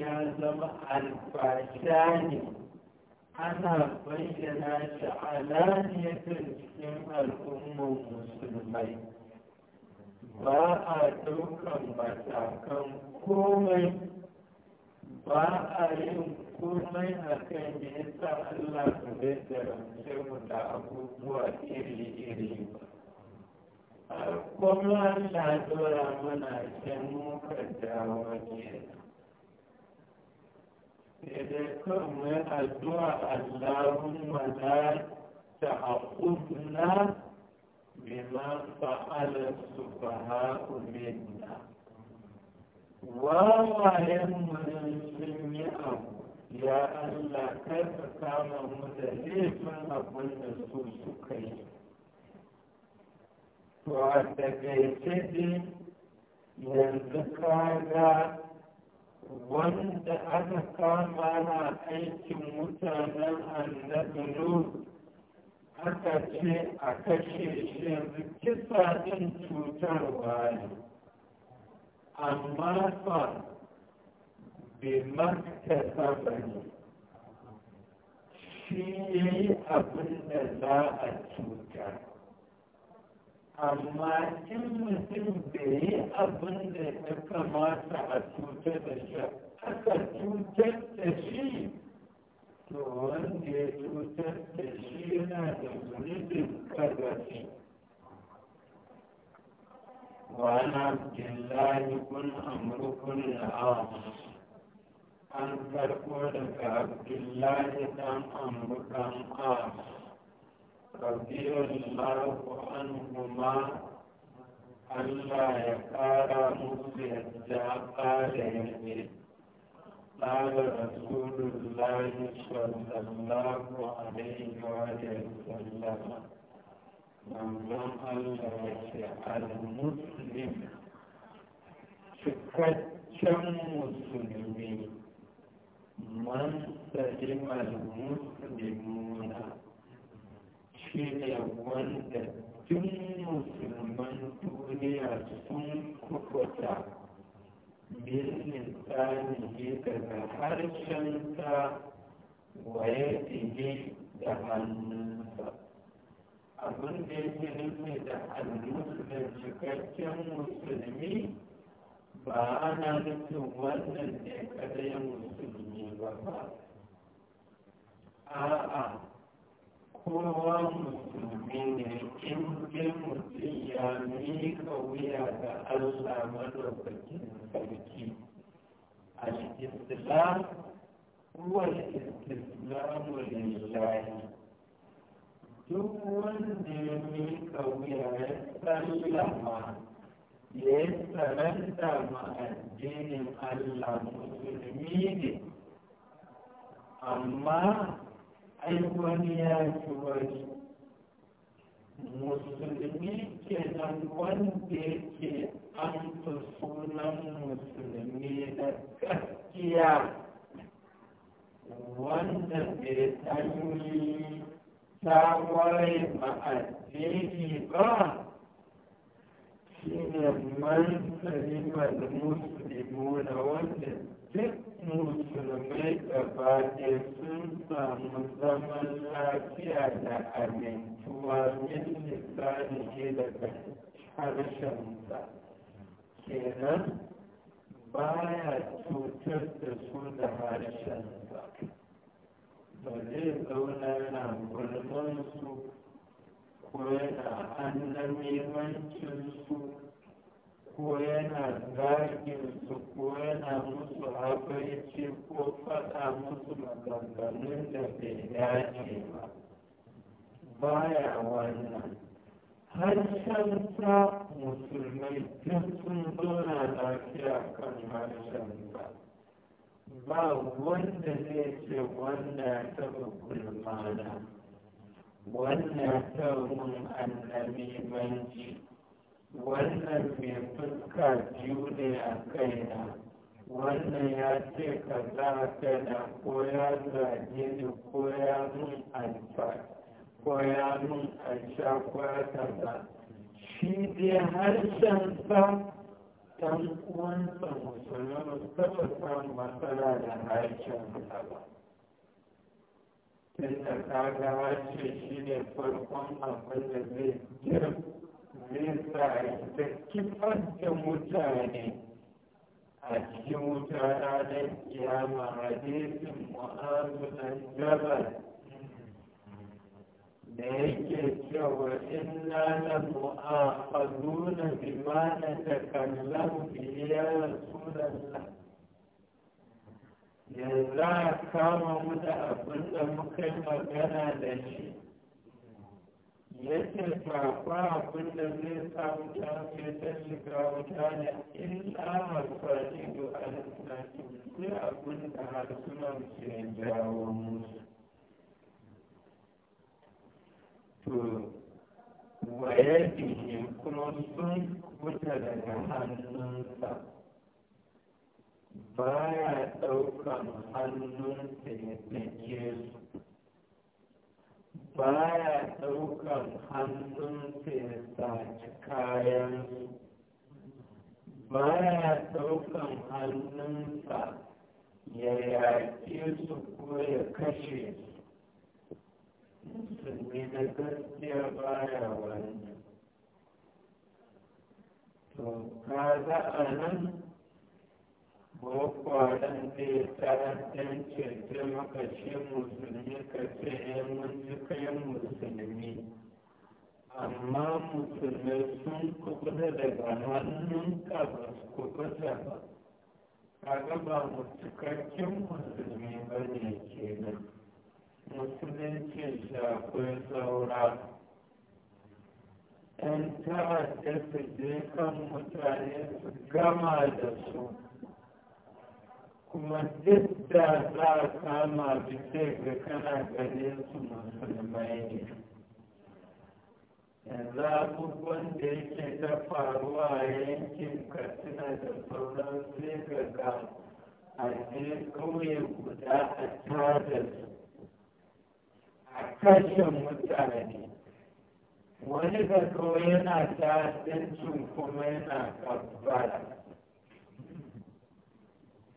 ya zama alfasha ana bayyana shi alaniyatin cikin al'ummar musulmai ba a ɗaukan matakan komai ba a yin komai a kan da ya sa Allah ba zai mu da abubuwa iri-iri ba. Kuma Allah dora mana can muka dawo ne. sai kan mu yana addu'a Allahumma la ta'khudna bima su subha'u minna wawayen mu sun yi abu ya Allah kada kama mu da laifin abin da su suka yi to a takaice dai yanzu kaga wanda aka kama a aikin mutanen annabi Nuhu aka ce a kashe shi yanzu kisa ɗin cutar ne amma fa bai markasa ba shi ya yi abin da za a cutar amma in mutum bai yi abin da ya kamata a cutar da shi aka cutar da shi to wanda ya cutar da shi yana da zunubin karbashi وعن عبد الله بن عمرو بن العاص عن فرقودك عبد الله بن عمرو رضي الله عنهما Allah ya ƙara musu yadda ƙara yadda ƙara rasulullahi sallallahu alaihi wa sallama manzon Allah ya ce al-muslim cikakken musulmi man sahim shi ne wanda tun musulman duniya sun kubuta birnin tsanihi daga harshensa waye tsaye da hannunsa abin da yake nufi da almusulun cikakken musulmi ba ana nufin wannan ne kadai musulmi ba ba a'a kowa musulmi ne in dai mutum ya miƙa wuya ga Allah madaukakin sarki al-islam huwa al-islam lillahi duk wanda ya miƙa wuya ya ma ya yi ma addinin Allah musulmi ne amma ai wani ya ci wani musulmi kenan wanda ke amsa sunan musulmi da gaskiya wanda bai sanyi ta warai ma'addini ba shi ne man musulmi na wanda duk musulmai gaba ɗaya sun samu zaman lafiya da amintuwa min lisanihi daga harshensa kenan baya cutar da su da harshensa ba zai zauna na gulmansu ko yana annabimancinsu ko yana zagin su ko yana musu abinci ko faɗa musu maganganun da bai dace ba baya wannan harshenta musulmai duk sun zauna lafiya kan harshen ba wanda zai ce wanda ya taɓa gulmana wanda ya taɓa annabi manci wannan mai fuska biyu ne a kaina wannan ya ce ka za a kaina ko ya zage ni ko ya nun alfa ko ya nun alsha ko ya kaza shi dai harshen sa ɗan uwansa musulmi taɓa samun matsala da harshen sa ba. Tun da kaga harshe shi ne farkon abin da zai girma nesa ta kifar da mutane a cikin wuta ranar kiyama hadisin mu'azu dan jabal da yake cewa inna la mu'akhaduna bima natakallamu kallon ya rasulullah yanzu a kama mu da abin da muka yi magana da shi yake ba abin da zai sa wuta ke ta shiga wuta ne in lamar fari da alisaki ne abin da harsunan ke jawo musu to waye ne kuma sun wuta daga hannunsa Ba ya ɗaukan hannunsa ya take su baya ɗaukan hannun ya saci kayansu baya ɗaukan hannunsa ya yaƙe su ko ya kashe su musulmi na gaskiya baya wannan to ka za a nan kwaran da ya tarantar ce maka ce musulmi ka ce ya eh, mun kai musulmi amma musulmi sun kubuta daga hannun ka ba su kubuta ba kaga ba mu cikakken musulmi ba ne kenan musulunci shafi saura ‘yan ta'adda su je kan mutane su gama da su kuma duk da za a kama bisa ga kana gare su musulmai ne yanzu abubuwan da yake ta faruwa a yankin katsina da sauran sai ga ga a je kauye guda a tada su a kashe mutane wani ga yana ta'addancin kuma yana kabbara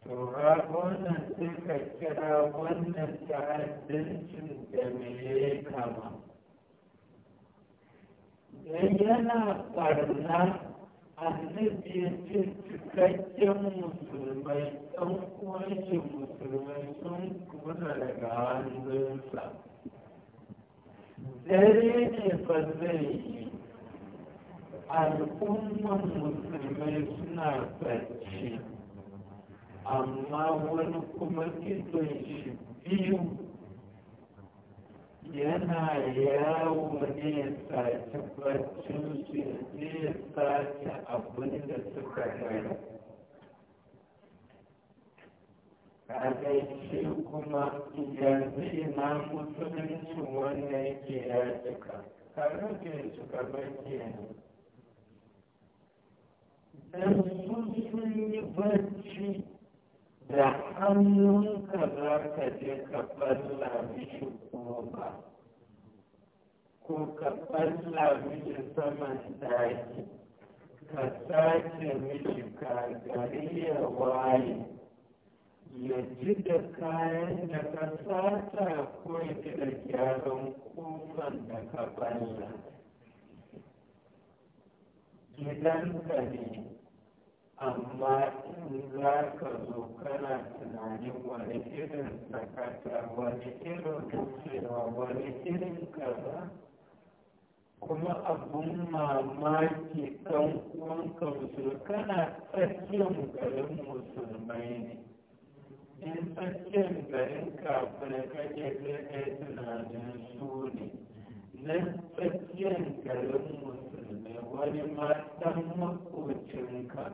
Tura wannan suka kira wannan ta'addancin da me ya kama. Dan yana ƙarna annabi ya ce cikakken musulmai ɗan uwanshi musulmai sun kuna daga hannunsa. Dare ne ba zai yi. Al'umman musulmai suna bacci. amma wani kuma kitson shi biyu yana yawo ne ya saci baccin su ne ya saci abin da suka gani kagai shi kuma yanzu ina musulunci wanda yake ya cika karfe suka bacci yanzu dan sun yi bacci da hannun za ka je ka balla mishi goma ko ka balla mishi saman daki ka sace mishi gari ya waye ya ji da kayan da ka sata ko ya ji da gyaran kofan da ka balla gidanka ne amma in za ka zo kana tunanin wani irin sakata wani irin rushewa wani irin kaza kuma abun mamaki ɗan uwan musulmi kana tsakiyar garin musulmai ne in tsakiyar garin kafin kake zai tunanin su ne tsakiyar garin musulmai wani ma ɗan makocinka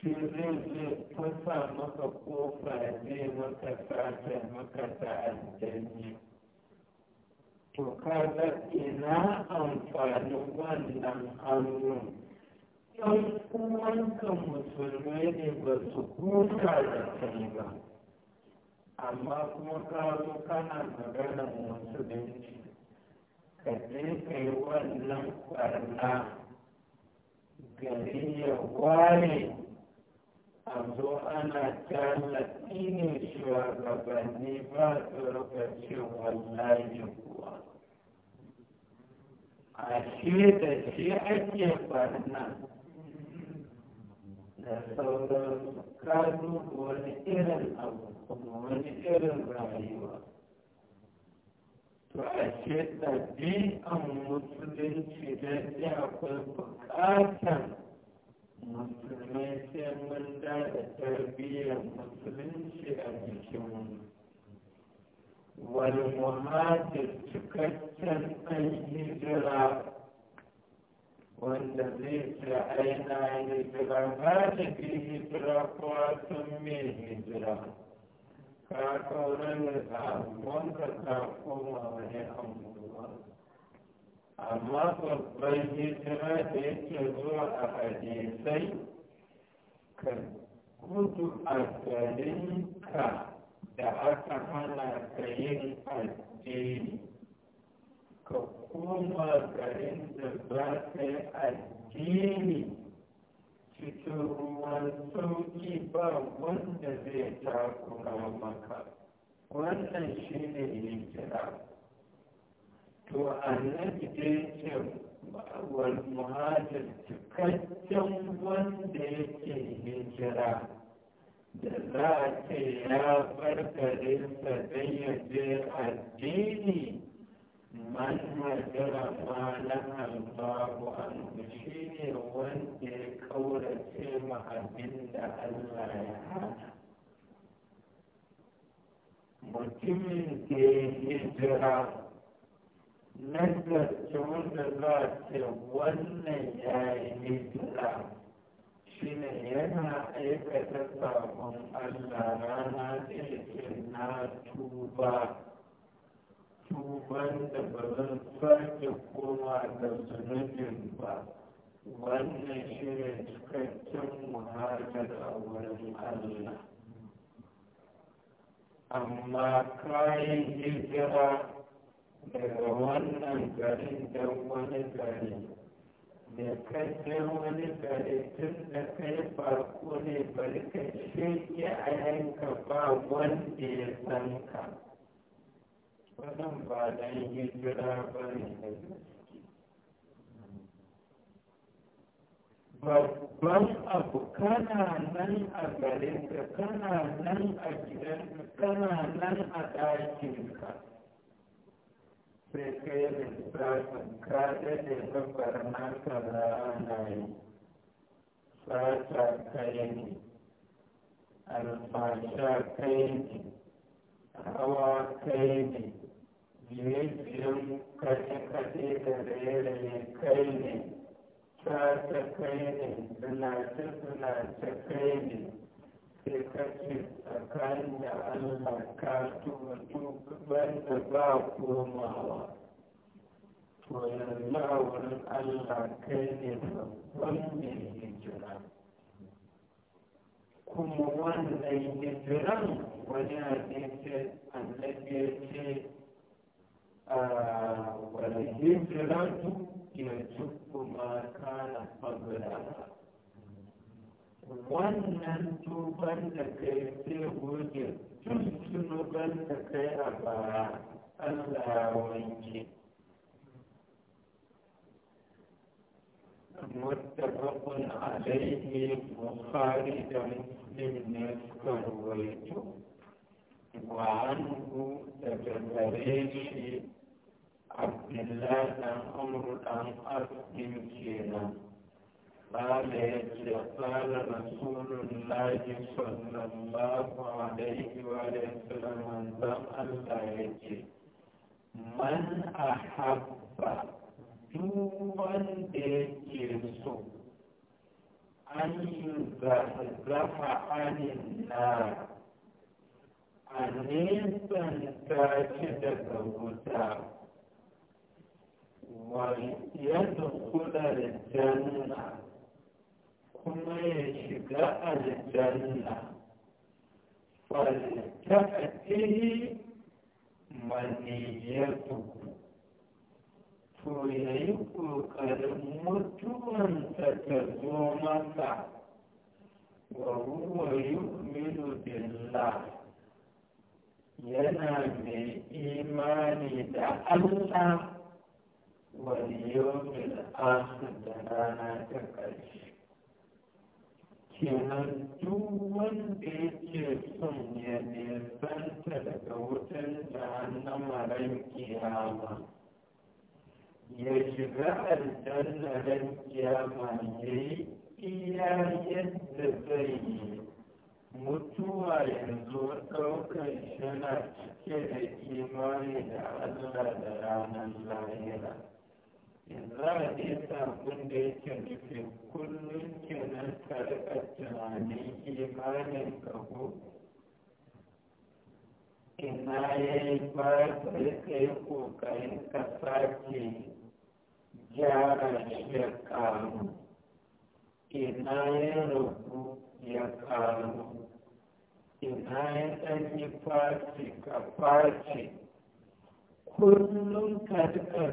shi zai je maka kofa zai maka sata maka ta'addanci to kaga ina amfanin wannan hannun ɗan uwanka musulmai ne ba su kusa da kai ba amma kuma ka zo kana maganar musulunci ka je ka yi wannan ƙwarna gari ya ware a ana tallafi ne shugabanni ba a shi da shi ake barna da sauran kalu wani irin abu wani irin rayuwa to a shi ɗabi'an musulunci da akwai buƙatar musulmai sai mun daɗa tarbiyyar musulunci a jikinmu walmuhajir cikakken ɗan hijira wanda zai ce aina hijira galibi hijira kuwa sun mai hijira ka kaunar da wanka ka koma wani anguwa amma babban hijira da yake zuwa a hadisai ka gudu a garinka da aka hana ka yin addini ka koma garin da za ka yi addini cikin ruwan sauki ba wanda zai takura maka wannan shi ne hijira to annabi dai ce wal muhajir cikakken wanda yake hijira da za a ce ya bar garinsa don ya je addini man hajira ma na babu anhu shi ne wanda ya kaurace ma abinda Allah ya hana mutumin da ya hijira nazarci wanda za a ce wannan ya yi shi ne yana aikata sabon Allah rana ce yake na tuba tuban da ba zan sake koma da zunubin ba wannan shi ne cikakken muhajar a wurin Allah amma kayan hijira daga wannan garin da wani gari ne kai wani gari tun da kai farko ne bari ka shirya a yanka ba wanda ya san ka wannan ba yi jira ba ne babban abu kana nan a ka kana nan a ka kana nan a ka. ಪ್ರಕೃತಿ ಪರಮಾತ್ಮನಾಯಿ ಸಾಕ್ಷಾತ್ಕರಣಿ ಅಲ್ಪಾಕ್ಷಾತ್ಕರಣಿ ಹವಾಕ್ಷಯಣಿ ವೇದ್ಯಂ ಕಡೆ ಕಡೆದ ರೇಡನೆ ಕೈನಿ ಸಾಕ್ಷಕರಣಿ ಧನಾಚ ಧನಾಚ ಕೈನಿ sai kake tsakanin da Allah ka duk banda ba komawa to yanzu a wurin Allah kai ne babban mai hijira kuma wannan hijiran wani hadisi annabi ya ce a wani hijiratu ya ci kuma kana fagulata wannan tuban da ka yi sai goge tun tunuban da ka yi a bara Allah ya wanke. Mutabakun alaihi Bukhari da Muslim ne suka ruwaito wa an ku daga gare shi Abdullahi dan Umar dan Asim kenan. قال قال رسول الله صلى الله عليه وسلم دم الله يجي من أحب دون ديكيسو أن يزحزح عن النار أنيسا كاشد الهدى ويدخل الجنة kuma ya shiga aljanna faltafatihi maniyatu to ya yi ƙoƙarin mutuwan ta zo masa wa huwa yu'minu billah yana mai imani da Allah wani yawmil akhir da rana ta ƙarshe kenan duk wanda yake son ya nisanta daga wutan jahannama ran kiyama ya shiga aljanna ran kiyama ya yi iya yadda zai yi mutuwa yanzu ɗaukar shi na cike da imani da allah da ranar lahira yanzu a iya sabon da yake nufi kullum kenan ka rika tunanin imanin ka ko ina ya yi ba ka rika yi kokarin ka sake gyara shi ya karu ina ya rabu ya karu ina ya ɗan yi faci ka faci kullum ka rika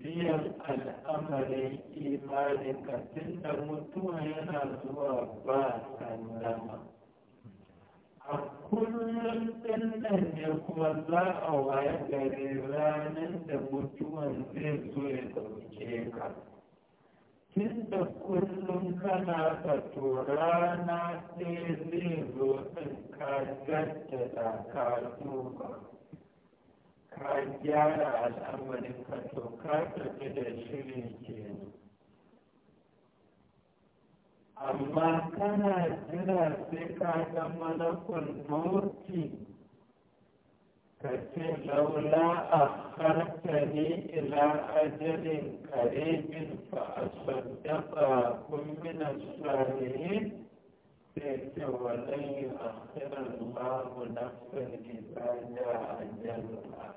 al'amari al'amarin imaninka tunda mutuwa yana zuwa ba sallama a kullum ɗannan ne kuma za a waye gari ranar da mutuwan zai zo ya ɗauke ka da kullum kana ka rana sai zai zo ɗin ka jaddada ka duba ka gyara al'amarin ka to ka tafi da shirin ke amma kana jira sai ka ga malakun mawuti ka ce laula a harta ne ila ajalin karebin fa'asar daba kun mina salihin cewa ɗan yi a tsirar babu na sarki a jalla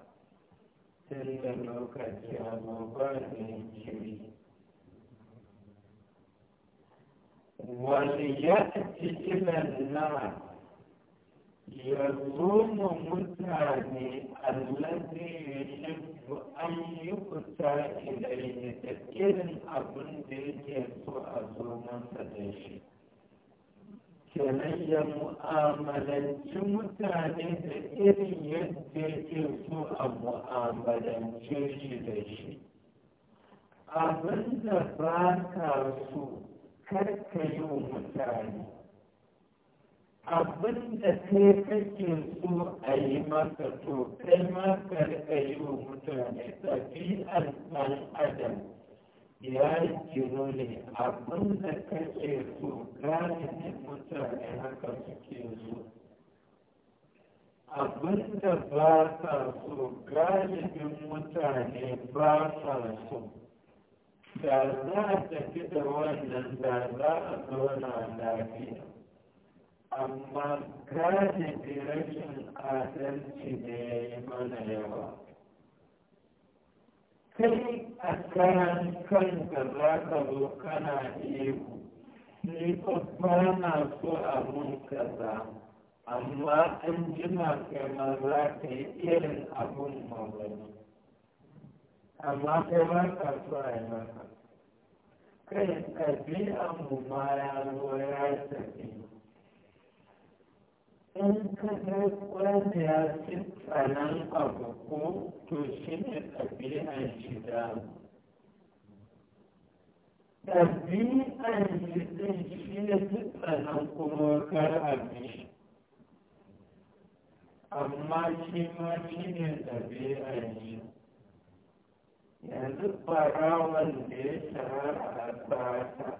sai da lokaci a babu Wani ya ciki na yanzu mu mutane allazi yuhibbu an yukuta ilayhi da irin abin da yake so a zo masa kenan mu'amalanci mutane da irin yadda yake so a mu'amalance shi da shi abin da ba ka so karka yi wa mutane abin da kai kake so a yi maka to kai ma karka yi wa mutane ɗabi'ar ɗan adam ya kiro ne abin da kake so gane mutane haka suke zo abin da ba sa so galibin mutane ba sa so da za a tafi da wannan da za a zauna lafiya amma galibi rashin adalci ne mana yawa kai a karan kanka za ka zo kana ihu ni fa ba na so a mun kaza amma an jima kai ma za ka yi irin abun mawani amma kai ba ka so a yi maka kai ɗabi'an mu ma ya zo ya tafi in ka ga wanda ya fi tsanan abu ko to shi ne ɗabi'an shi da ɗabi'an shi ɗin shi ne fi tsanan kuma kar abi amma shi ma shi ne ɗabi'an shi yanzu ɓarawan da ya shahara a tsata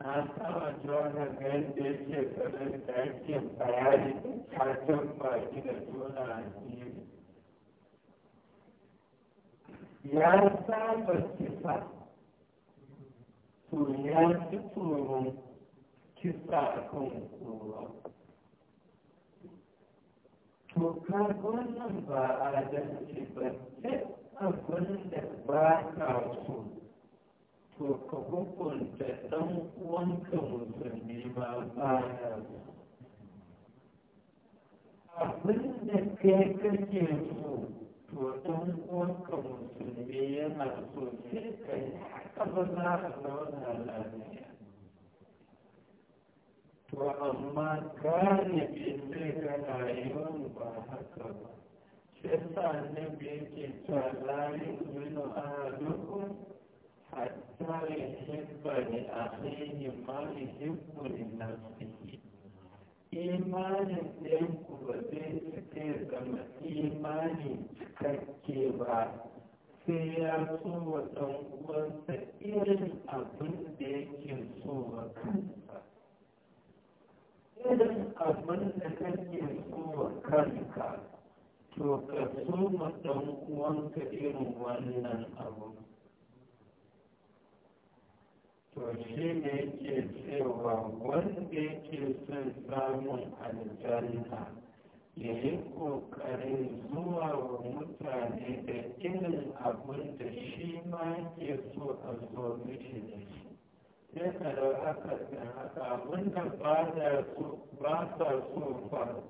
na sama jona ga yadda yake kadan da ake bayani da katon baki da jona a jiri ya saba kisa to ya ci tsoron kisa a kan kowa to ka wannan ba a adalci ba sai abin da ba ka so to ka hukunta ɗan uwanka musulmi ba baya abin da kai kake so to ɗan uwanka musulmi yana so sai ka yi haka ba za a zauna lafiya to amma galibin zai ga rayuwar ba haka ba sai sa annabi yake cewa la yu'minu ahadukum hatta حتى يحب لأخيه ما يحب لنفسه imanin ɗayanku ba zai cike zama imani cikakke ba sai ya so wa ɗan uwansa irin abin da yake so wa kansa irin abin da kake so wa kanka to ka so ma ɗan uwanka irin wannan abu to shi ne ke cewa wanda ke son samun aljanna ya yi ƙoƙarin zuwa wa mutane da irin abin da shi ma ke so a zo mishi da shi sai ka da haka da haka abin da ba sa so ba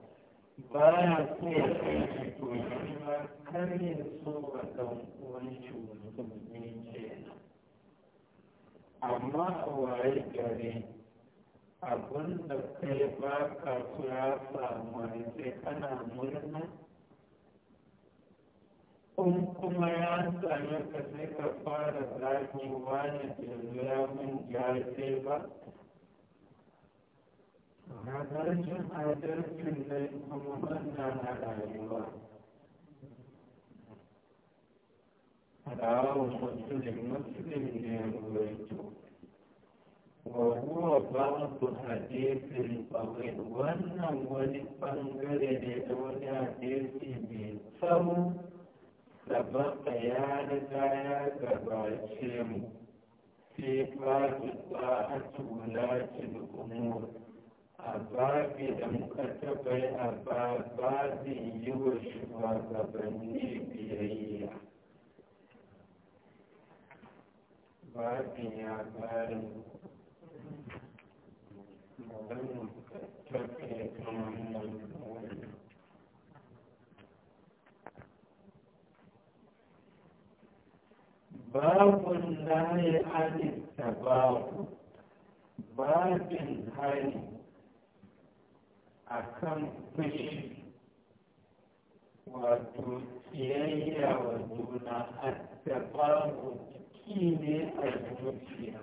ba ya so ya kai to shi ma kar ya so wa ɗan uwan shi musulmi kenan amma a waye gari abin da kai ba ka so ya samu sai kana murna in kuma ya same ka sai ka fara zafi wani da ya min jaje ba ranar jin adalcin da kuma wannan na rayuwa Wahuwa ba su babu fili ɓangare, wannan wani ɓangare ne da wani haɗe mai tsawo da ya riga ya gabace mu, sai ba su ba a tula ci da umar. A ba bi da muka taɓa yi a ba ba zai yi wa shugabanni biyayya. Ba babin ya kare maganin tafiye kamar nan wani babun na yi halitta babu babin hari a kan fushi wato tsiyayya wa juna a da ci ne a zuciya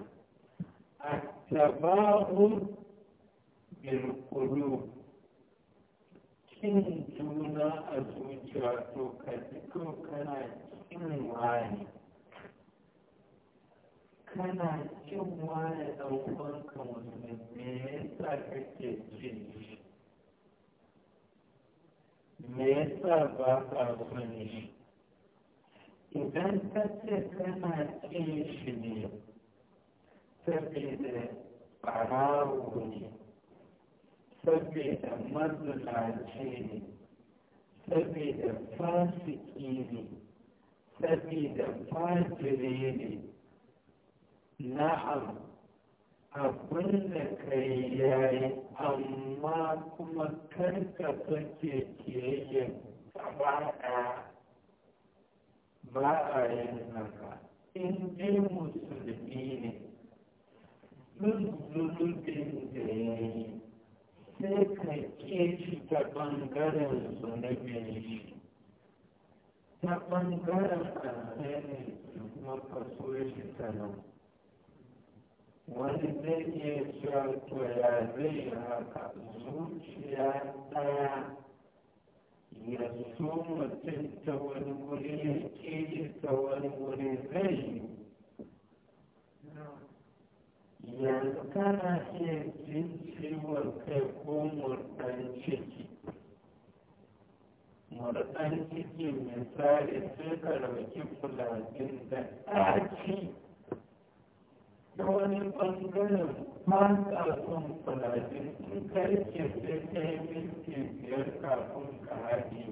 a tabahun bilkulu cin juna a zuciya to ka fito kana cin wani kana cin wani ɗaukanka musulmi me yasa kake cin shi me yasa ba ka son shi idan ta ce tana ƙin shi ne saboda ɓarawo ne saboda mazulace ne saboda fasiki ne saboda fajire ne na'am abin da kai yayi amma kuma karka sake ke yin gaba ɗaya ba a yin haka in dai musulmi ne zunubin da ya yi sai ka ke shi ta ɓangaren zunubin shi ta ɓangaren alheri kuma ka shi ta nan wani zai iya cewa to ya zai haka zuciya ɗaya ya so mutum wani wuri ya ke ta wani wuri zai yanzu kana iya jin ciwon kai ko murɗan ciki murɗan ciki misali sai ka rauki fulafin da ɗaci da wani ɓangaren mata sun fulani sun karke su kefe ta yi minti biyar kafin ka haɗe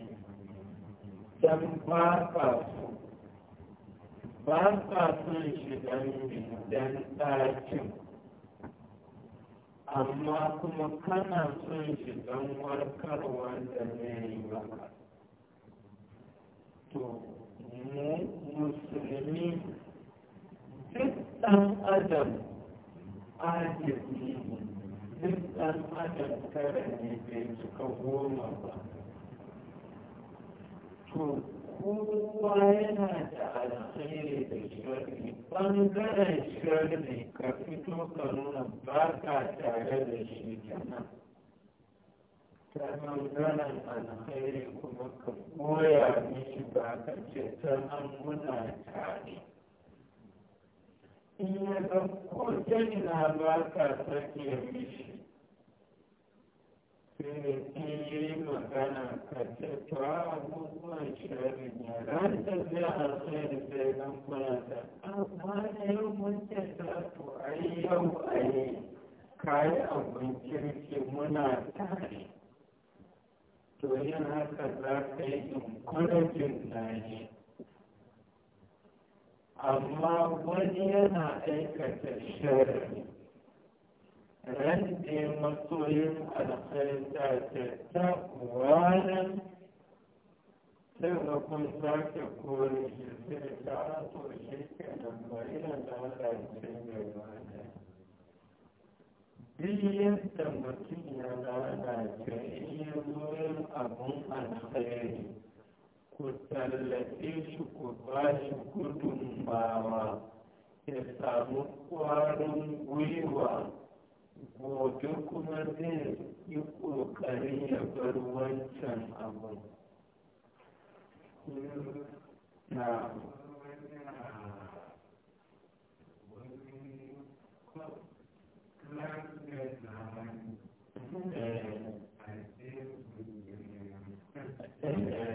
don ba ka so ba ka son shigar don ɗakin amma kuma kana son shi don warkarwa da ne yi to mu musulmi duk ɗan adam ajiye duk ɗan adam tara ne bai cika goma ba to kowa yana da alkhairi da shirri ɓangaren shirri ka fito ka nuna ba ka tare da shi kenan ta ɓangaren alkhairi kuma ka koya mishi ba ka ce ta nan muna tare in ya ga ko ta ina ba ka sake mishi sai da ke yi magana ka ce to a abubuwan shirin ya ta zai a sai da sai don kuna da amma na yau mun ce za to a yi yau a yi kayi abin kirki muna tare to yin haka za ka yi in kwarajin na yi amma wani yana aikata shirin. rande matsoyin alkhaita ce ta wanan sai da kun sake kore shi sai ta ato shi ke nan ba ina da Allah ce mai wani biyan da mutum ya lalace iya zuwa abin alkhairi ku tallafe shi ku ba shi gudunmawa ya samu kwarin gwiwa gobe kuma zai yi ƙoƙarin ya bar wancan abin na Yeah. Eh.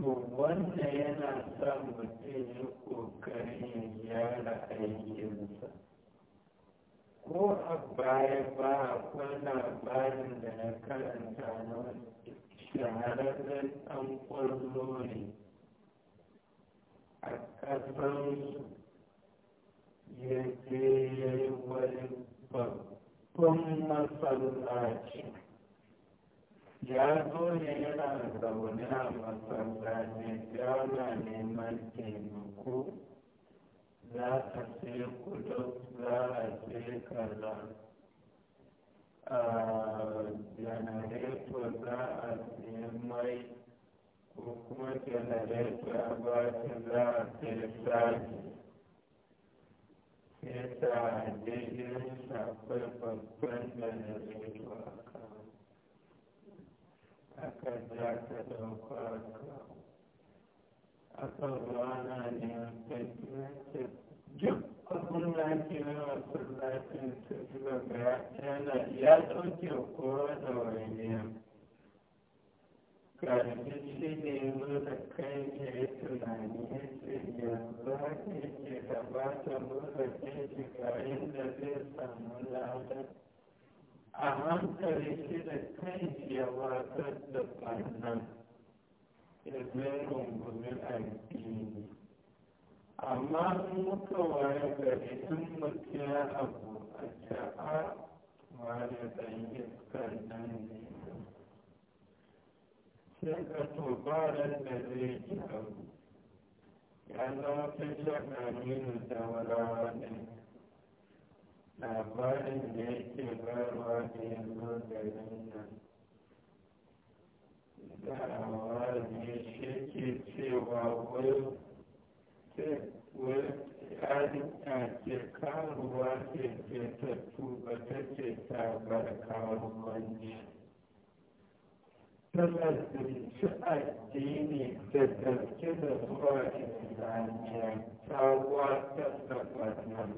to wanda yana sa mutum ya ƙoƙarin gyara aikinsa ko a baya ba akwai labarin da na karanta na shahararren ɗan ƙwallo ne a ƙasar ya je ya yi wani babban masallaci Jago nena zauna masallacin neman taimako, za a ce kudus za a ce kaza. Janareto za a ce mai ko kuma janareto a bata za a ce sati. Sai ta daidai shafai babban janareto a aka ja ka ɗauka ka aka rana ne ka ce duk abin da ake na masallacin ta zuba ga yana ya ɗauke kowa da wani karfi shi ne yanzu da kai ne ya tunani ya ce yanzu haka yake da ba ta mura kai shiga inda zai samu ladar a hankali shi da kan shi ya da ɓannan ya zai rungumin addini amma in muka waye gari in mutu abu a ja'a wani ɗan iskar nan ne sai ka tubarar da zai ji abu ya zama ta shaƙa mini da wala wani labarin da yake barwa da yanzu garin nan da'awa ne shi ke cewa wai yarinya ke karuwa ke ke tattu ba ta ce ta bar karuwanci tana zirci addini da tafi da zuwa islamiyya ta watar da ɓarnar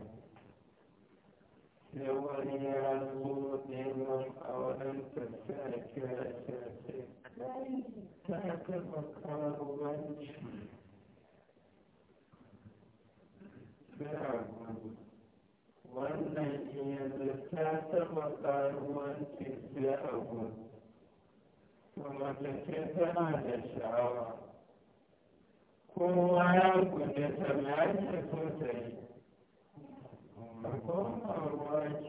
yawan ya zo neman auren ta ta wannan yanzu ta taɓa karuwanci sai a kuma tana da sha'awa kowa ya gudu ta na so ta yi komawa ke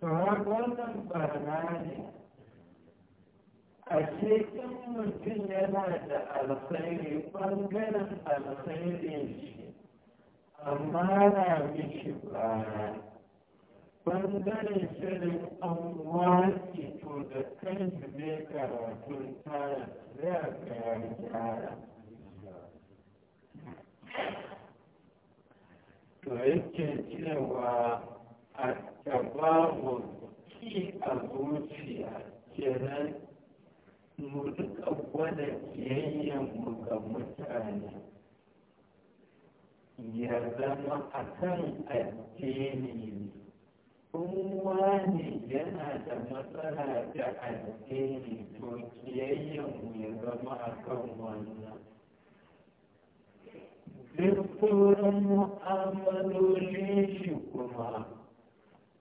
to wannan barna ne a cikin mutum yana da alkhairi ɓangaren alkhairin shi amma na mishi baya ɓangaren shirin an to da kan shi ne karatun tara zai ga ya gyara to yake cewa a tabahu ki a zuciya kenan mu duka gwada kiyayyenmu ga mutane ya zama a kan addini ne kuma ne yana da matsala da addini to kiyayyenmu ya zama a kan wannan dukkanin mu'amalolin shi kuma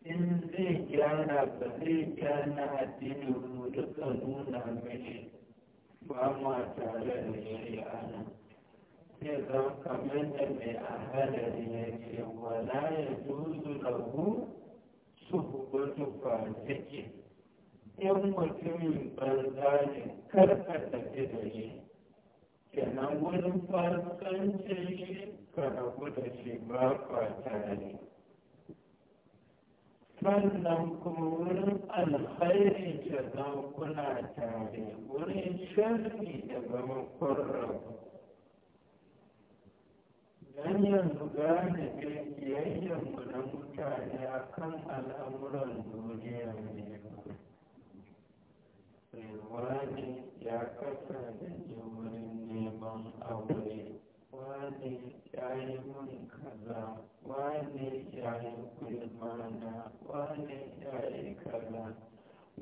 in zai gyara ba zai gyara addinin mu duka nuna mashi ba ma tare da shi a nan sai zan kamar da mai ahalari ya ce wala ya zuzu lahu su hukutu fasiki in mutumin banza ne karka tafi da shi kenan wurin farkancin shi ka da shi ba tare sannan kuma wurin alkhairi da zan kuna tare wurin sharri da zama kun rabu yanzu gane ne biyayyenmu na mutane a kan al'amuran duniya ne wani ya kasa da wurin neman aure wane ya yi mun kaza wane ya yi kulmana wane ya yi kaza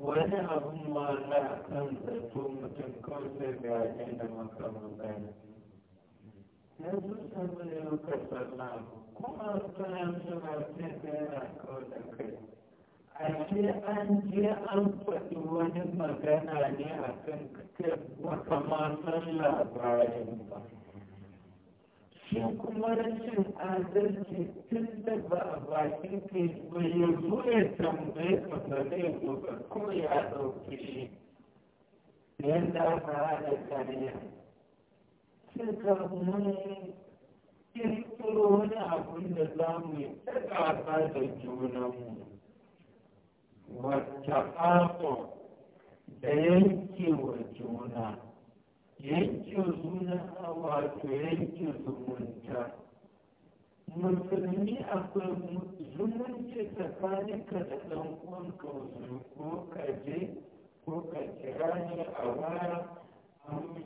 wani abin ma na kan zato mutum kawai sai ga yayin da makamantar yanzu saboda yau na kuma suna suna sai ga yana kawai da kai ashe an je an faɗi wani magana ne a kan baka labarin ba shi kuma rashin adalci tun da ba a bakin ke ba ya zo ya tambaye ka ba zai ko ya ɗauki shi yadda aka haɗa kariya sai ka mun kirkiro wani abin da za mu yi ta da junanmu والتقاطع da yankewa juna yanke juna a wato yanke zumunta musulmi akwai zumunci tsakaninka da ɗan uwanka musulmi ko ka je ko ka kira a waya an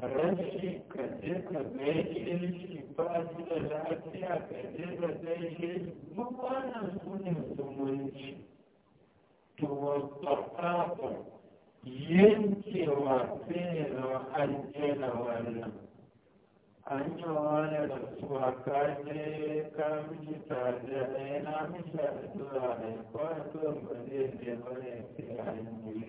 Rashi, ka je ka gaishe shi ba shi da lafiya ka je ka gaishe shi duk wannan su ne zumunci to wasafafa yankewa fiye ya zama an jera wannan an yi wani da suwa ka je ka mishi tare da yana mishi a zuwa ne kwanton ba zai je ba ne sai an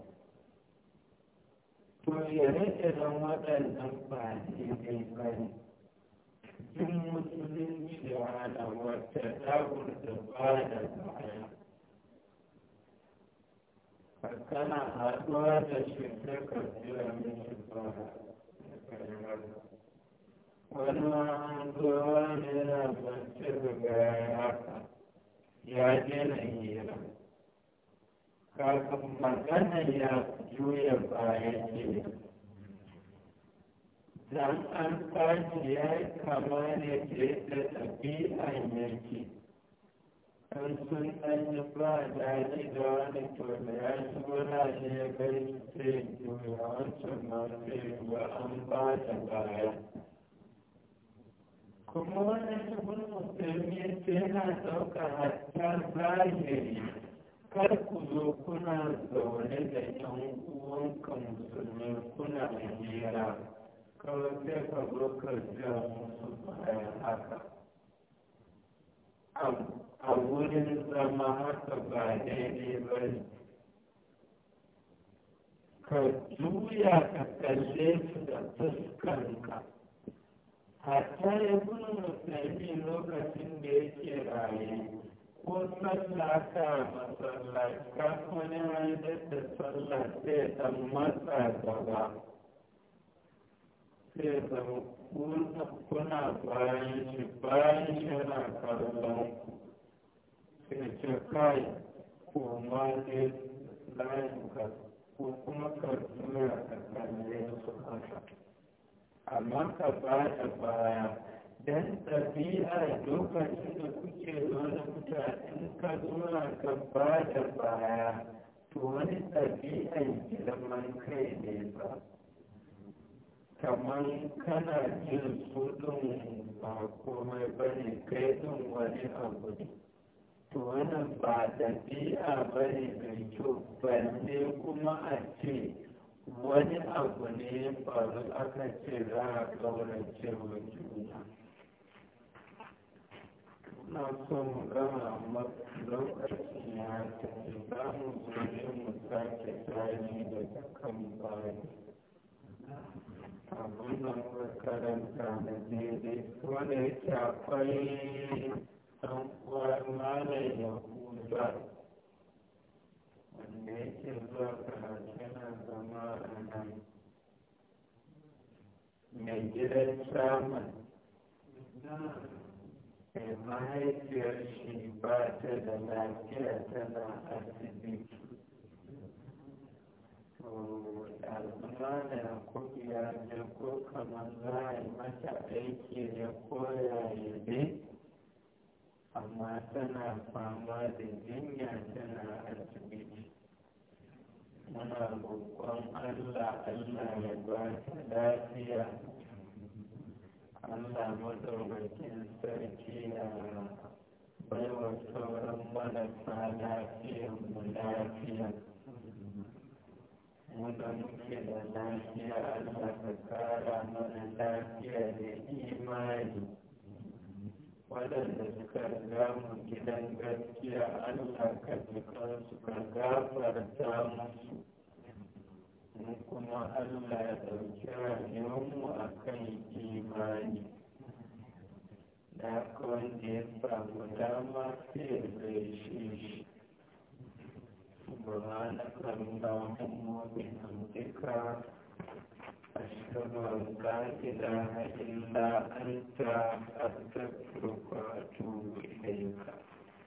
to ya rage don waɗannan ba daidai ba ne duk musulunci da wahala wata dabar da ba da baya ka haɗuwa da shi ta ka jira da ba wani zuwa ne na bacci daga haka ya je na hira kaga magana ya juya baya ce dan an tashi ya yi kama ne da yadda ɗabi'an yake an sun ɗan yi ba daji da wani tona ya ci wura ne ya gani sai juya wancan ma sai ba an ba da baya kuma wani shi gudun musulmi sai na ɗaukar hatta zahiri kar ku zo kuna zaune da yan uwanka musulmi kuna hira kawai sai ka zo ka ja musu bayan haka a wurin zama haka ba daidai ba ne ka juya ka kalle su da fuskanka hatta ya bin musulmi lokacin da yake raye ko sallaka masallaka wani mai da sallah sai dan matsa gaba sai zama kuna kuna bayan shi bayan shi yana kallon sai ce kai ma ne layin ka ko kuma ka zuwa ka kalle su haka amma ka baya baya don ɗabi'a lokacin da kuke zaune mutanen ka zuwa ka ba da baya to wani ɗabi'an girman kai ne ba kamar kana jin su ɗin ba komai ba ne kai ɗin wani abu ne to wani ba ɗabi'a ba ne mai kyau balle kuma a ce wani abu ne ba faru aka ce za a ƙaurace wa juna na son gama lokacin ya tafi za mu zoye mu sake tashi daga kan bayan abin da muka karanta da daidai wanda yake akwai ɗan uwar malam yahuda wanda yake zuwa karatu yana zama a nan mai gidan shaman mahaifiyar shi ba ta da lafiya tana asibiti to almanin kuɗi ya ko kamar za a yi mata aiki ya koya yaya dai amma tana fama da jinya tana asibiti muna roƙon allah allah ya ba ta lafiya Allah madaukakin sarki na baiwa sauran marasa lafiyar mu lafiya. Muna muke da lafiya Allah ka kara mana lafiya da imani. Waɗanda suka riga mu gidan gaskiya Allah ka jikansu ka gafarta musu. mu kuma Allah ya ɗauki rayuwarmu a kan imani da haka wanda ya samu dama sai ya gaishe shi سبحانك اللهم وبحمدك أشهد أن da إله إلا أنت أستغفرك وأتوب إليك